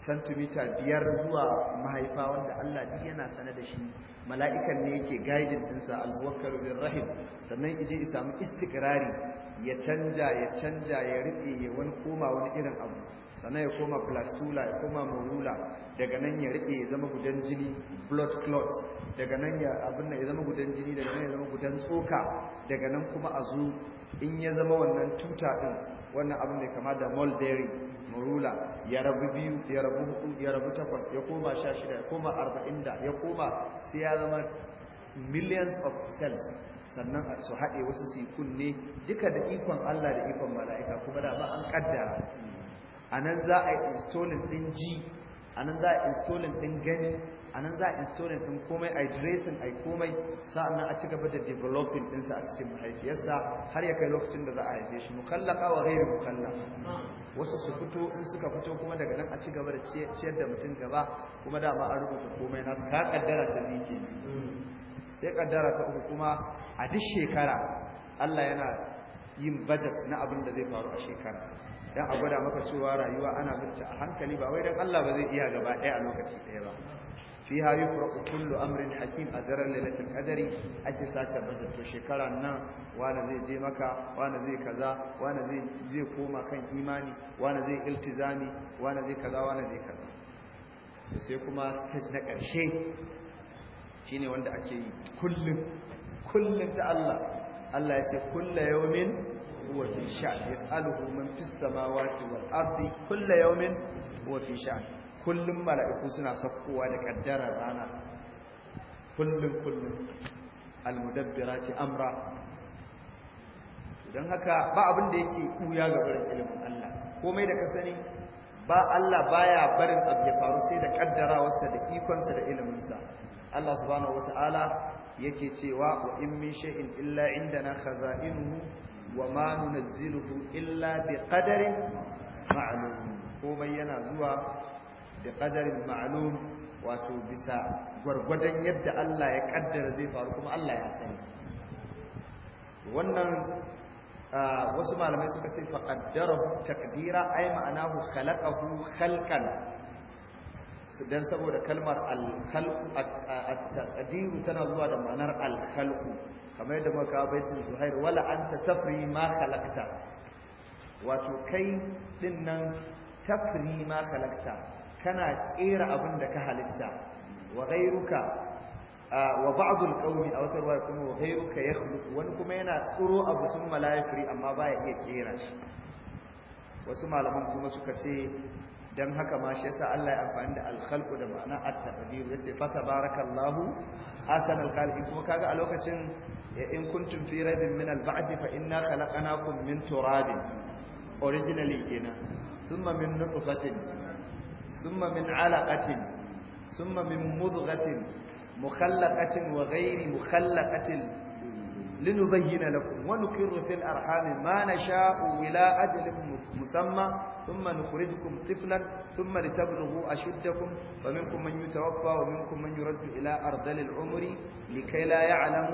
santimita biyar zuwa mahaifa wanda Allah duk yana sane da shi mala'ikan ne yake gaidin dinsa alwakar bin rahim sannan ije isa mu istikrari ya canja ya canja ya riƙe ya wani koma wani irin abu sannan ya koma plastula ya koma morula daga nan ya riƙe ya zama gudan jini blood clot daga nan ya abin ya zama gudan jini daga nan ya zama gudan tsoka daga nan kuma a zo in ya zama wannan tuta din wannan abin ne kama da mulberry. rula ya rabu biyu ya rabu hudu ya rabu takwas ya koma sha shida ya koma arba'in da ya koma sai ya zama millions of cells sannan su haɗe wasu su kunne duka da ikon Allah da ikon mala'ika kuma da ba an kaddara a nan za a yi installing ɗin ji a nan za a yi installing ɗin gani a nan za a installing ɗin komai a dressing a komai sa'annan a ci gaba da developing ɗinsa a cikin mahaifiyarsa har ya kai lokacin da za a haife shi mukallaka wa ghairi mukallaka wasu su fito in suka fito kuma daga nan a ci gaba da ciyar da mutum gaba kuma da ba a rubuta komai nasu ka kaddara ta biki sai kaddara ta uku kuma a duk shekara Allah yana yin budget na abin da zai faru a shekara dan a gwada maka cewa rayuwa ana binta a hankali ba wai dan Allah ba zai iya gaba ɗaya a lokaci ɗaya ba fiha yufraqu kullu amrin hakim a daren lailatul qadari ake sace budget to shekara nan wani zai je maka wani zai kaza wani zai zai koma kan imani wani zai iltizami wani zai kaza wani zai kaza to sai kuma stage na karshe shine wanda ake yi kullum kullum ta Allah Allah ya ce kullu yawmin huwa fi sha'n yas'aluhu man fis samawati wal ardi kullu yawmin huwa fi sha'n kullum mala'iku suna sakkowa da ƙaddarar rana kullum kullum almudabbira ce amra don haka ba abin da yake kuya ga barin ilimin Allah komai da ka sani ba Allah baya barin abu ya faru sai da ƙaddarawarsa da ikonsa da iliminsa Allah subhanahu wata'ala yake cewa wa in min shay'in illa indana khaza'inuhu wa ma nunazziluhu illa bi qadarin ma'lum komai yana zuwa Da ƙadarin ma'lum wato bisa gwargwadon yadda Allah ya ƙaddara zai faru kuma Allah ya sani wannan wasu malamai suka ce fa takdira taqdira ma'ana hu khalaqahu khalqan dan saboda kalmar al-khalqu at tana zuwa da ma'anar al kamar yadda muka baitin Zuhair wala anta tafri ma khalaqta wato kai ɗin nan tafri ma khalaqta kana kera abin da ka halitta wa ghayruka wa ba'd al-qawmi aw tarwa kuma wa ghayruka wani kuma yana tsuro abu sun malafiri amma baya iya kera shi wasu malaman kuma suka ce dan haka ma shi yasa Allah ya amfani da al-khalqu da ma'ana at-taqdir yace fa tabarakallahu ahsanul khaliqin kuma kaga a lokacin in kuntum fi raibin min al-ba'd fa inna khalaqnakum min turabin originally kenan thumma min nutfatin summa min alaqatin summa min mudghatin mukhallaqatin wa ghairi mukhallaqatin linubayyana lakum wa nuqirru fil arham ma nasha'u ila ajalin musamma ثم نخرجكم طفلا ثم لتبلغوا أشدكم ومنكم من يتوفى ومنكم من يرد إلى أرض العمر لكي لا يعلم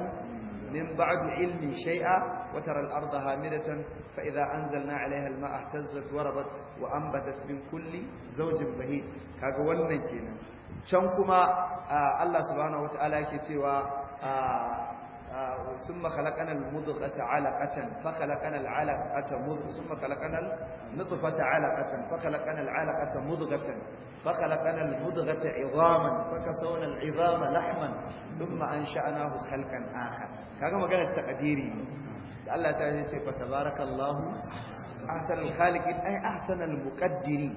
من بعد علم شيئا وترى الأرض هامدة فإذا أنزلنا عليها الماء اهتزت وربت وأنبتت من كل زوج بهيج kaga wannan kenan can kuma Allah subhanahu wataala yake cewa ثم خلقنا المضغة علقة فخلقنا العلقة مضغة ثم خلقنا النطفة علقة فخلقنا العلقة مضغة فخلقنا المضغة عظاما فكسونا العظام لحما ثم أنشأناه خلقا آخر هذا ما كان التقديري da Allah ta yi ce fa tabarakallahu ahsanul khaliqin ay ahsanul muqaddiri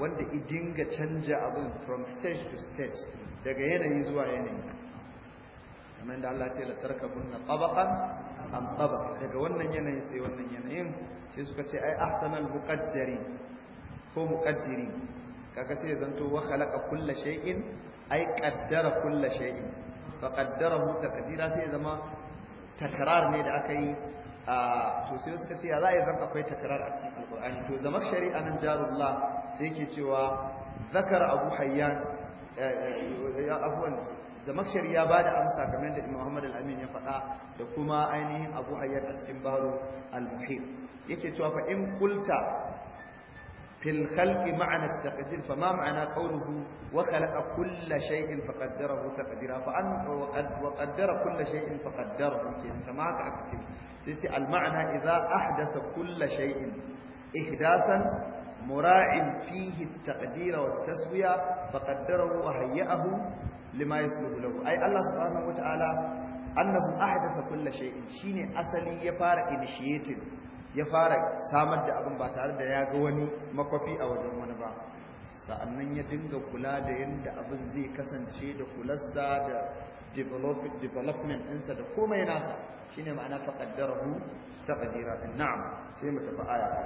wanda i dinga canja abu from stage to stage daga yanayi zuwa yanayi kamar da Allah ce la tarkabunna tabaqan an tabaq daga wannan yanayin sai wannan yanayin sai suka ce ai ahsanul muqaddiri ko muqaddiri kaga sai zanto wa khalaqa kulla shay'in ai qaddara kulla shay'in fa qaddarahu taqdira sai zama takrar ne da aka yi to sai suka ce ya za a yi zan akwai takrar a cikin alƙur'ani to zamak shari'a nan jarullah sai yake cewa zakar abu hayyan eh, eh, abuwan zamakshari ya bada amsa kamar da Muhammad al-Amin ya faɗa da kuma ainihin Abu Hayyan a cikin baro al-Muhim yake cewa fa in kulta. في الخلق معنى التقدير فما معنى قوله وخلق كل شيء فقدره تقديرا فأن وقدر كل شيء فقدره كما تعكسين سيتي المعنى إذا أحدث كل شيء إحداثا مراع فيه التقدير والتسوية فقدره وهيئه لما يسلب له أي الله سبحانه وتعالى أنه أحدث كل شيء شيني أصلي يفار إنشيتم ya fara samar da abin ba tare da ya ga wani makwafi a wajen wani ba sa'annan ya dinga kula da yadda abin zai kasance da kularsa da development ɗinsa da komai nasa shi ne ma'ana hu ta ƙadira ɗin na'am sai mu tafi aya ta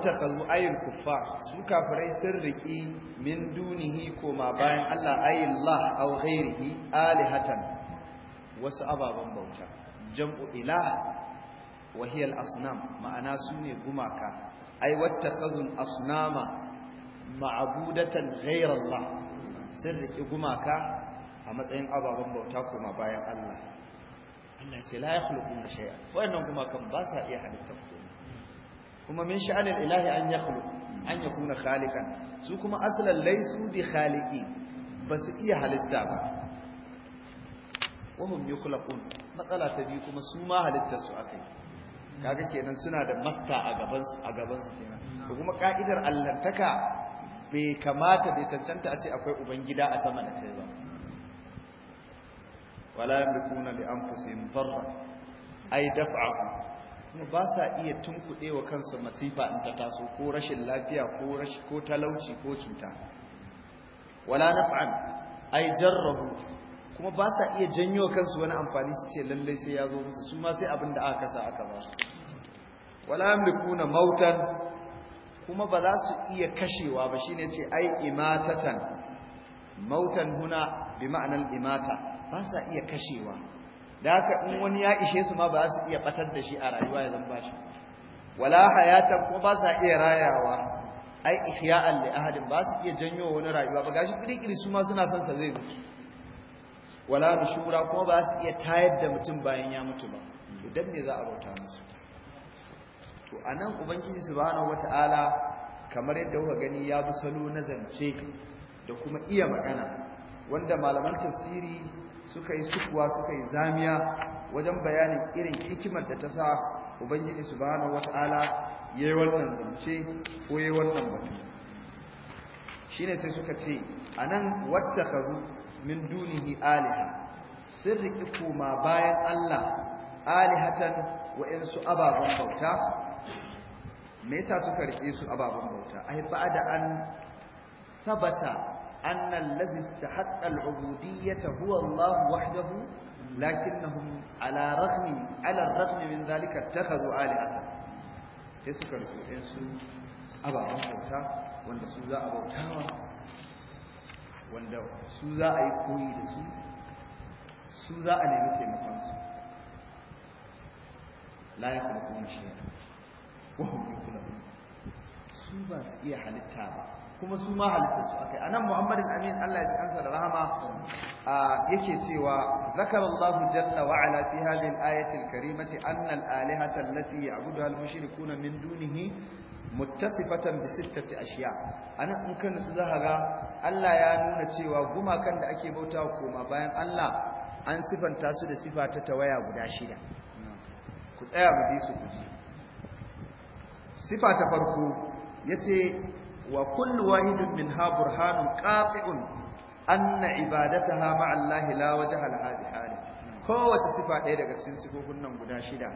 wattakhadhu ayil kuffar su kafirai sun riki min dunihi koma bayan Allah ayillah aw ghairihi alihatan wasu ababen bauta jam'u ilah wa hiya al-asnam ma'ana sune gumaka ay wattakhadhu al-asnama ma'budatan ghayra Allah sun riki gumaka a matsayin ababen bauta koma bayan Allah Allah ce la yakhluquna shay'a wannan gumakan ba sa iya halitta kuma min sha'anin ilahi an yakhluq an yakuna khaliqan su kuma aslan laysu bi khaliqi su iya halitta ba wahum yukhlaqun matsala ta biyu kuma su ma halittar su akai kaga kenan suna da masta a gaban su a gaban su kenan To kuma ka'idar allantaka bai kamata da cancanta a ce akwai ubangida a sama da kai ba wala yamlikuna li anfusihim darra ay daf'ahu kuma ba sa iya tunkuɗe wa kansu masifa in ta taso ko rashin lafiya ko rashin ko talauci ko cuta wala naf'an ay jarrahu kuma ba sa iya janyo kansu wani amfani su ce lallai sai ya zo musu su ma sai abin da aka kasa aka ba su wala yamlikuna mautan kuma ba za su iya kashewa ba shine ce ai imatatan mautan huna bi ma'anar imata ba sa iya kashewa da haka in wani ya ishe su ma ba su iya batar da shi a rayuwa ya zan shi. wala hayatan ko ba sa iya rayawa ai ihya'an li ahadin ba su iya janyo wani rayuwa ba gashi kirkiri su ma suna son sa zai mutu wala nushura ko ba su iya tayar da mutum bayan ya mutu ba to dan za a bauta musu to anan ubangiji subhanahu wataala kamar yadda kuka gani ya bi salo na zance da kuma iya magana wanda malaman tafsiri suka yi sukuwa suka yi zamiya wajen bayanin irin hikimar da ta sa ubangiji su subhanahu wata'ala ya yi wannan zance ko ya yi wannan batu shi ne sai suka ce a nan karu min dunihi aliha sun riƙi koma bayan allah alihatan su ababen bauta me yasa suka riƙe su ababen bauta a ba da an sabata أن الذي استحق العبودية هو الله وحده لكنهم على رغم على الرغم من ذلك اتخذوا آلهة تسكر سوئنسو أبا أمبوتا وأن سوزا أبوتاوا وأن سوزا أي كوي لسو سوزا أن يمتي مقنسو لا يخلقون شيئا وهم يخلقون سوبا سئي حالتها kuma su ma halitta su akai anan muhammadin amin Allah ya ji kansa da rahama yake cewa zakara Allah jalla wa ala fi hadhihi al-ayati al-karimati anna al-alihata allati ya'buduha al-mushrikuna min dunihi muttasifatan bi sittati ashiya anan in kan su zahaga Allah ya nuna cewa gumakan da ake bauta koma bayan Allah an sifanta su da sifa ta tawaya guda shida ku tsaya mu bi su kuji sifa ta farko yace wa kullu wahidin min ha burhanun qati'un anna ibadataha ma'a Allah la wajha laha bihali kowace sifa ɗaya daga cikin sifofin nan guda shida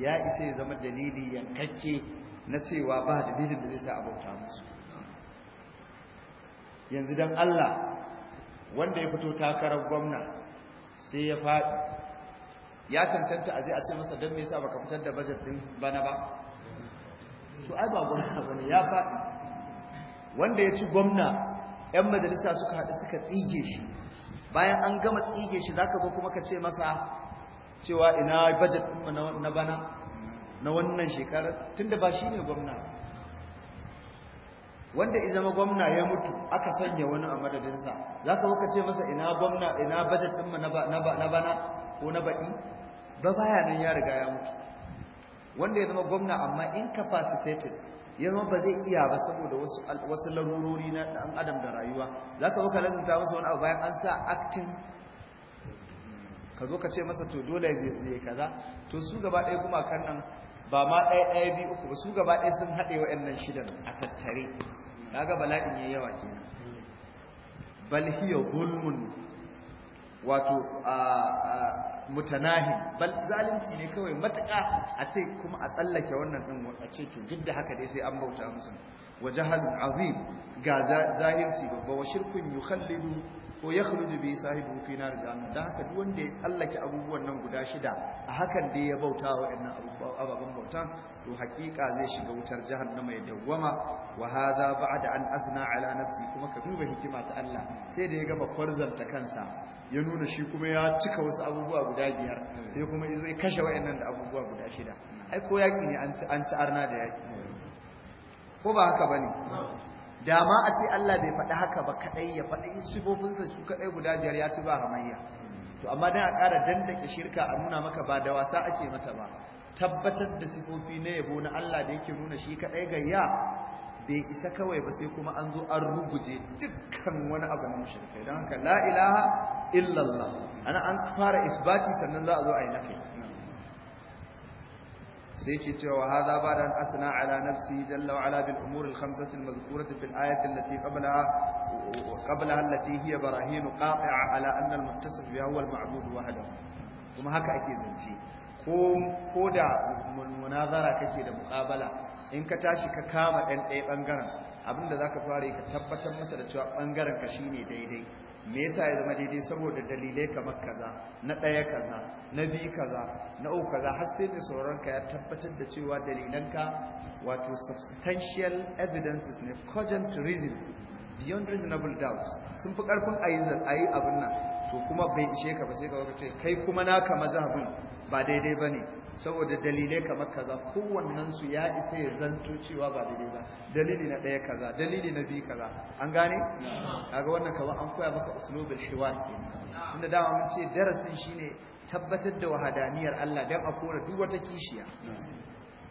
ya isa ya zama dalili yankakke na cewa ba dalilin da zai sa abauta musu yanzu dan Allah wanda ya fito takarar gwamna sai ya faɗi ya cancanta a zai a ce masa don me yasa baka fitar da bajet din bana ba to ai ba gwamna ya faɗi wanda ya ci gwamna 'yan majalisa suka haɗu suka tsige shi bayan an gama tsige shi za ka zo kuma ka ce masa cewa ina bajet ɗinmu na bana na wannan shekarar tun da ba shi ne gwamna wanda ya zama gwamna ya mutu aka sanya wani a madadinsa za ka zo ka ce masa ina gwamna ina bajet ɗinmu na bana ko na baɗi ba baya nan ya riga ya mutu wanda ya zama gwamna amma incapacitated yamma ba zai iya ba saboda wasu larurori na ɗan adam da rayuwa za ka ka lazimta masa wani abu bayan an sa aktin ka zo ka ce masa to dole zai kaza to su gaba ɗaya kuma kan nan ba ma ɗaya ɗaya biyu uku ba su gaba ɗaya sun haɗe wa nan shidan a tattare kaga bala'in yayi yawa ke bal hiya zulmun wato mutanahi bal zalunci ne kawai matuƙa a ce kuma a tsallake wannan din a ce to duk da haka dai sai an bauta musu wa jahalun azim ga zahirci babba wa shirkun yukhallidu ko ya khruju bi sahibi fi nar jahannam dan haka duk wanda ya tsallake abubuwan nan guda shida a hakan da ya bauta wa abubuwan ababen bautan to hakika zai shiga wutar jihar na mai dawwama wa hadha da an azna ala nafsi kuma ka duba hikima ta Allah sai da ya gaba kwarzanta kansa ya nuna shi kuma ya cika wasu abubuwa guda biyar sai kuma izo ya kashe wayannan da abubuwa guda shida ai ko yaki ne an ci an ci arna da yaki ko ba haka bane da ma a ce Allah bai faɗi haka ba kaɗai ya faɗi sifofinsa su kaɗai guda biyar ya ci ba hamayya to amma dan a ƙara dandake shirka a nuna maka ba da wasa a ake mata ba tabbatar da sifofi na yabo na Allah da yake nuna shi kaɗai ga ya, bai isa kawai ba sai kuma an zo an ruguje dukkan wani abu na mushrikai don haka la ilaha illallah ana an fara isbati sannan za a zo a yi nafi sai ke cewa hadha da an asna ala nafsi jalla wa ala bil umur al khamsati al madhkurati fil ayati allati qablaha qablaha allati hiya barahin qati'a ala anna al muttasif biha huwa al ma'bud wahdahu kuma haka ake zance ko da munazara kake da muqabala in ka tashi ka kama dan ɗaya bangaren abinda zaka fara ka tabbatar masa da cewa bangaren ka shine daidai me yasa ya zama daidai saboda dalilai kamar kaza na ɗaya kaza na biyu kaza na uku kaza har sai mai ka ya tabbatar da cewa dalilanka wato substantial evidences ne cogent reasons beyond reasonable doubts sun fi karfin a yi abin nan to kuma bai ishe ka ba sai ka ce kai kuma naka mazhabin ba daidai ba ne saboda dalilai kamar kaza kowannen su ya isa ya zanto cewa ba daidai ba dalili na ɗaya kaza dalili na biyu kaza an gane kaga wannan kamar an koya maka uslubul hiwar inda dama mun ce darasin shine tabbatar da wahadaniyar Allah dan a kora duk wata kishiya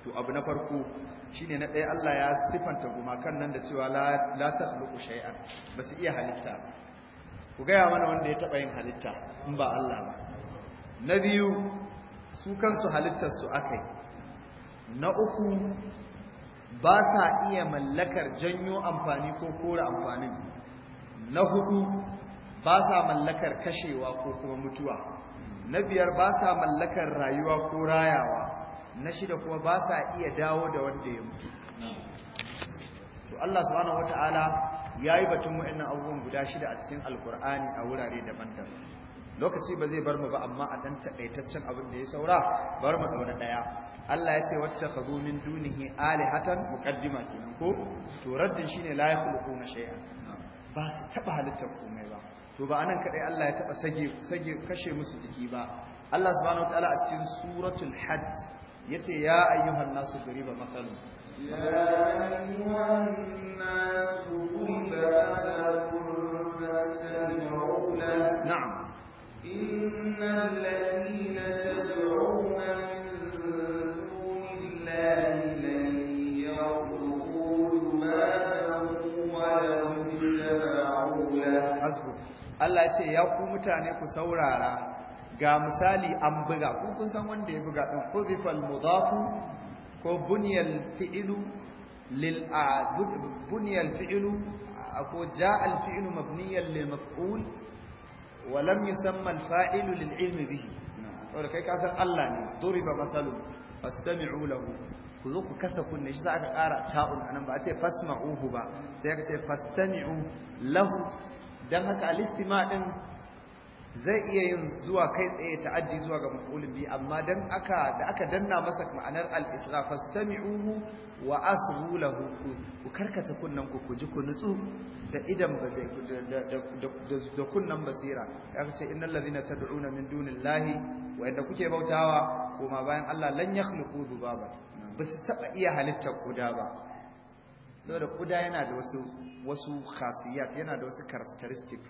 to abu na farko shine na ɗaya Allah ya sifanta gumakan nan da cewa la la takhluqu shay'an ba su iya halitta ku gaya mana wanda ya taɓa yin halitta in ba Allah ba na biyu su kansu halittarsu aka yi na uku ba sa iya mallakar janyo amfani ko kora amfanin na hudu ba sa mallakar kashewa ko kuma mutuwa na biyar ba sa mallakar rayuwa ko rayawa na shida kuma ba sa iya dawo da wanda ya mutu to Allah subhanahu wataala yayi batun wa'annan abubuwan guda shida a cikin alkur'ani a wurare daban-daban lokaci ba zai bar mu ba amma a dan takaitaccen abin da ya saura bar mu daura daya Allah ya ce wattakhadhu min dunihi alihatan muqaddima kenan ko to raddin shine la na shay'an ba su taba halittar komai ba to ba anan kadai Allah ya taba sage sage kashe musu jiki ba Allah subhanahu wataala a cikin suratul hajj yace ya ayyuhan nasu duriba matalun ya ayyuhan nasu kun da na'am Allah ce ya ku mutane ku saurara ga misali an buga ku kun san wanda ya buga din kuzifal mudafu ko buniyal fi'ilu lil buniyal fi'ilu ko ja'al fi'ilu mabniyan lil maf'ul wa lam yusamma al-fa'ilu lil ilmi bihi saboda kai ka san Allah ne duriba masalun fastami'u lahu ku zo ku kasa kunne shi za aka ƙara ta'un anan ba a ce fasma'uhu ba sai aka ce lahu dan haka al-istima' din zai iya yin zuwa kai tsaye ta'addi zuwa ga maf'ulin bi amma dan aka da aka danna masa ma'anar al-isra fastami'uhu wa asghu lahu ku karkata kunnan ku ku ji ku nutsu da idan ba zai da kunnan basira aka ce innal ladhina tad'una min dunillahi wa inda kuke bautawa kuma bayan Allah lan yakhluqu dhubaba ba su taba iya halittar kuda ba saboda kuda yana da wasu wasu khasiyat yana da wasu characteristics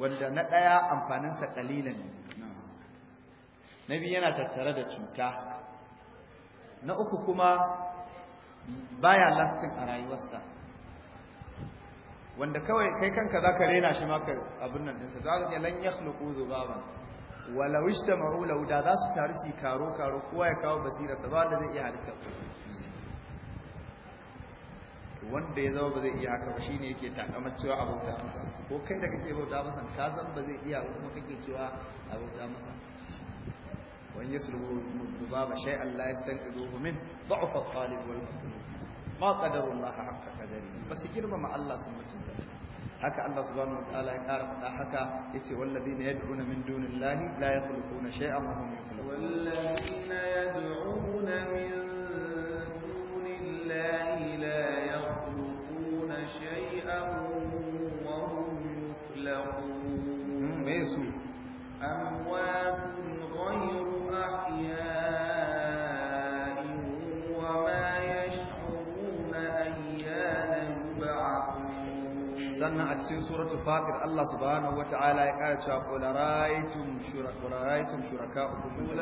wanda na ɗaya amfaninsa ƙalilan ne na biyu yana tattare da cuta na uku kuma baya lastin a rayuwarsa wanda kawai kai kanka za ka rena shi maka abin nan ɗinsa za ka ce lan ya khluku Wala walau ishtama'u maru lauda za su taru su karo karo kowa ya kawo basirarsa ba da zai iya halitta wanda ya zama ba zai iya haka ba shi shine yake takamar cewa abota masa ko kai da kake bauta masa ka san ba zai iya ba kuma kake cewa abota masa wan yaslubu dubaba shay'an la yastanqidhu min da'f al-talib wal matlub ma qadara Allah haqqa qadari bas girmama Allah sun mutunta haka Allah subhanahu wa ta'ala ya kara faɗa haka yace walladheena yad'una min dunillahi la yakhluquna shay'an wa hum yakhluqun walladheena yad'una min dunillahi la sannan a cikin suratul fatir Allah subhanahu wataala ya kara cewa qul ra'aytum shuraka qul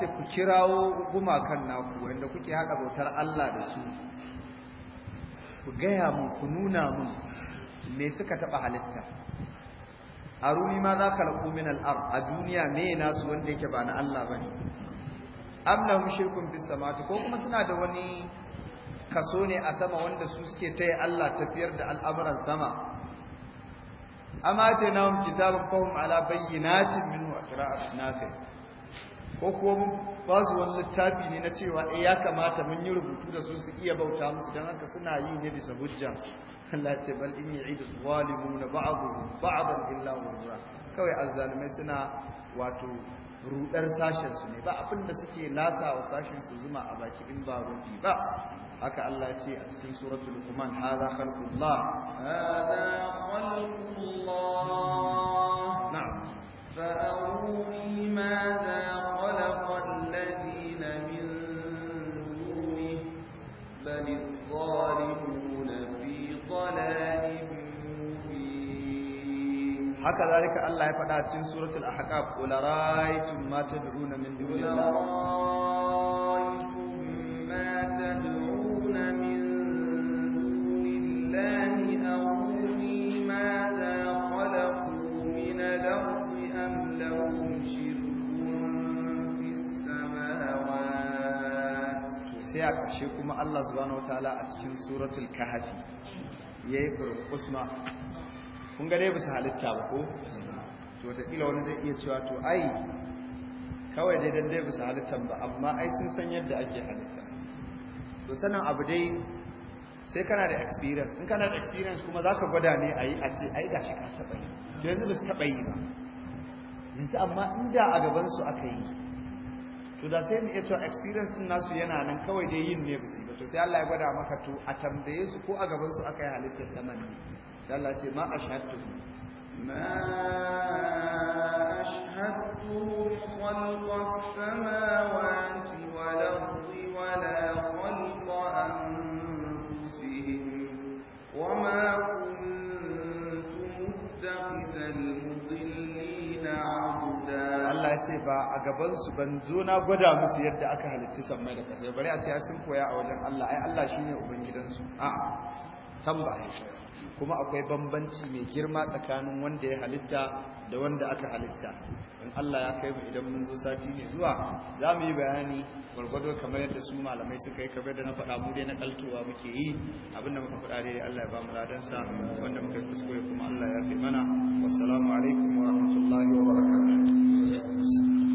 ce ku kirawo gumakan naku wanda kuke haɗa bautar Allah da su ku gaya mun ku nuna mun me suka taba halitta aruni ma za ka laƙo min al'ar a duniya me su wanda yake ba na Allah ba ne amna shirkun bis samati ko kuma suna da wani kaso ne a sama wanda su suke taya Allah tafiyar da al'amuran sama amma ta na kitabun fahim ala bayyanatin min wa nafi' ko kuma ba su wani littafi ne na cewa eh ya kamata mun yi rubutu da su su iya bauta musu dan haka suna yi ne bisa hujja Allah ce bal in yu'idu zalimuna ba'dhum ba'dan illa wajha kawai azzalimai suna wato rudar sashen su ne ba abin da suke lasa wa sashen su zuma a baki in ba rudi ba haka Allah ce a cikin suratul Luqman hadha khalqullah hadha khalqullah فأروني ماذا خلق الذين من دونه بل الظالمون في ضلال مبين هكذا ذلك الله يفعل في سورة الأحقاب قل رأيتم ما تدعون من دون الله shi kuma Allah subhanahu wataala a cikin suratul kahfi yayi burkusma kun ga dai bisa halitta ba ko to ta kila wani zai iya cewa to ai kawai dai dan dai bisa halittan ba amma ai sun san yadda ake halitta to sanan abu dai sai kana da experience in kana da experience kuma zaka gwada ne yi a ce ai gashi ka taba yi to yanzu ba su taba yi ba yanzu amma inda a gaban su aka yi to da sai mu iya experience din nasu yana nan kawai dai yin ne bisi ba to sai Allah ya gwada maka to a tambaye su ko a gaban su aka yi halitta saman ne sai Allah ce ma ashhadu ma ashhadu khalqa samawati wal ardi la khalqa anfusihim ma Allah ya ce ba a gabansu ban zo na gwada musu yadda aka halitta sammai da ƙasa bari a ce sun koya a wajen Allah ai Allah shine ubangidansu a'a san ba kuma akwai bambanci mai girma tsakanin wanda ya halitta da wanda aka halitta in Allah ya kai mu idan mun zo sati ne zuwa za mu yi bayani gwargwado kamar yadda su malamai suka yi kamar da na faɗa mu dai na kaltowa muke yi Abin da muka faɗa dai Allah ya ba mu ladan sa wanda muka kuskure kuma Allah ya fi mana wassalamu alaikum wa rahmatullahi wa barakatuh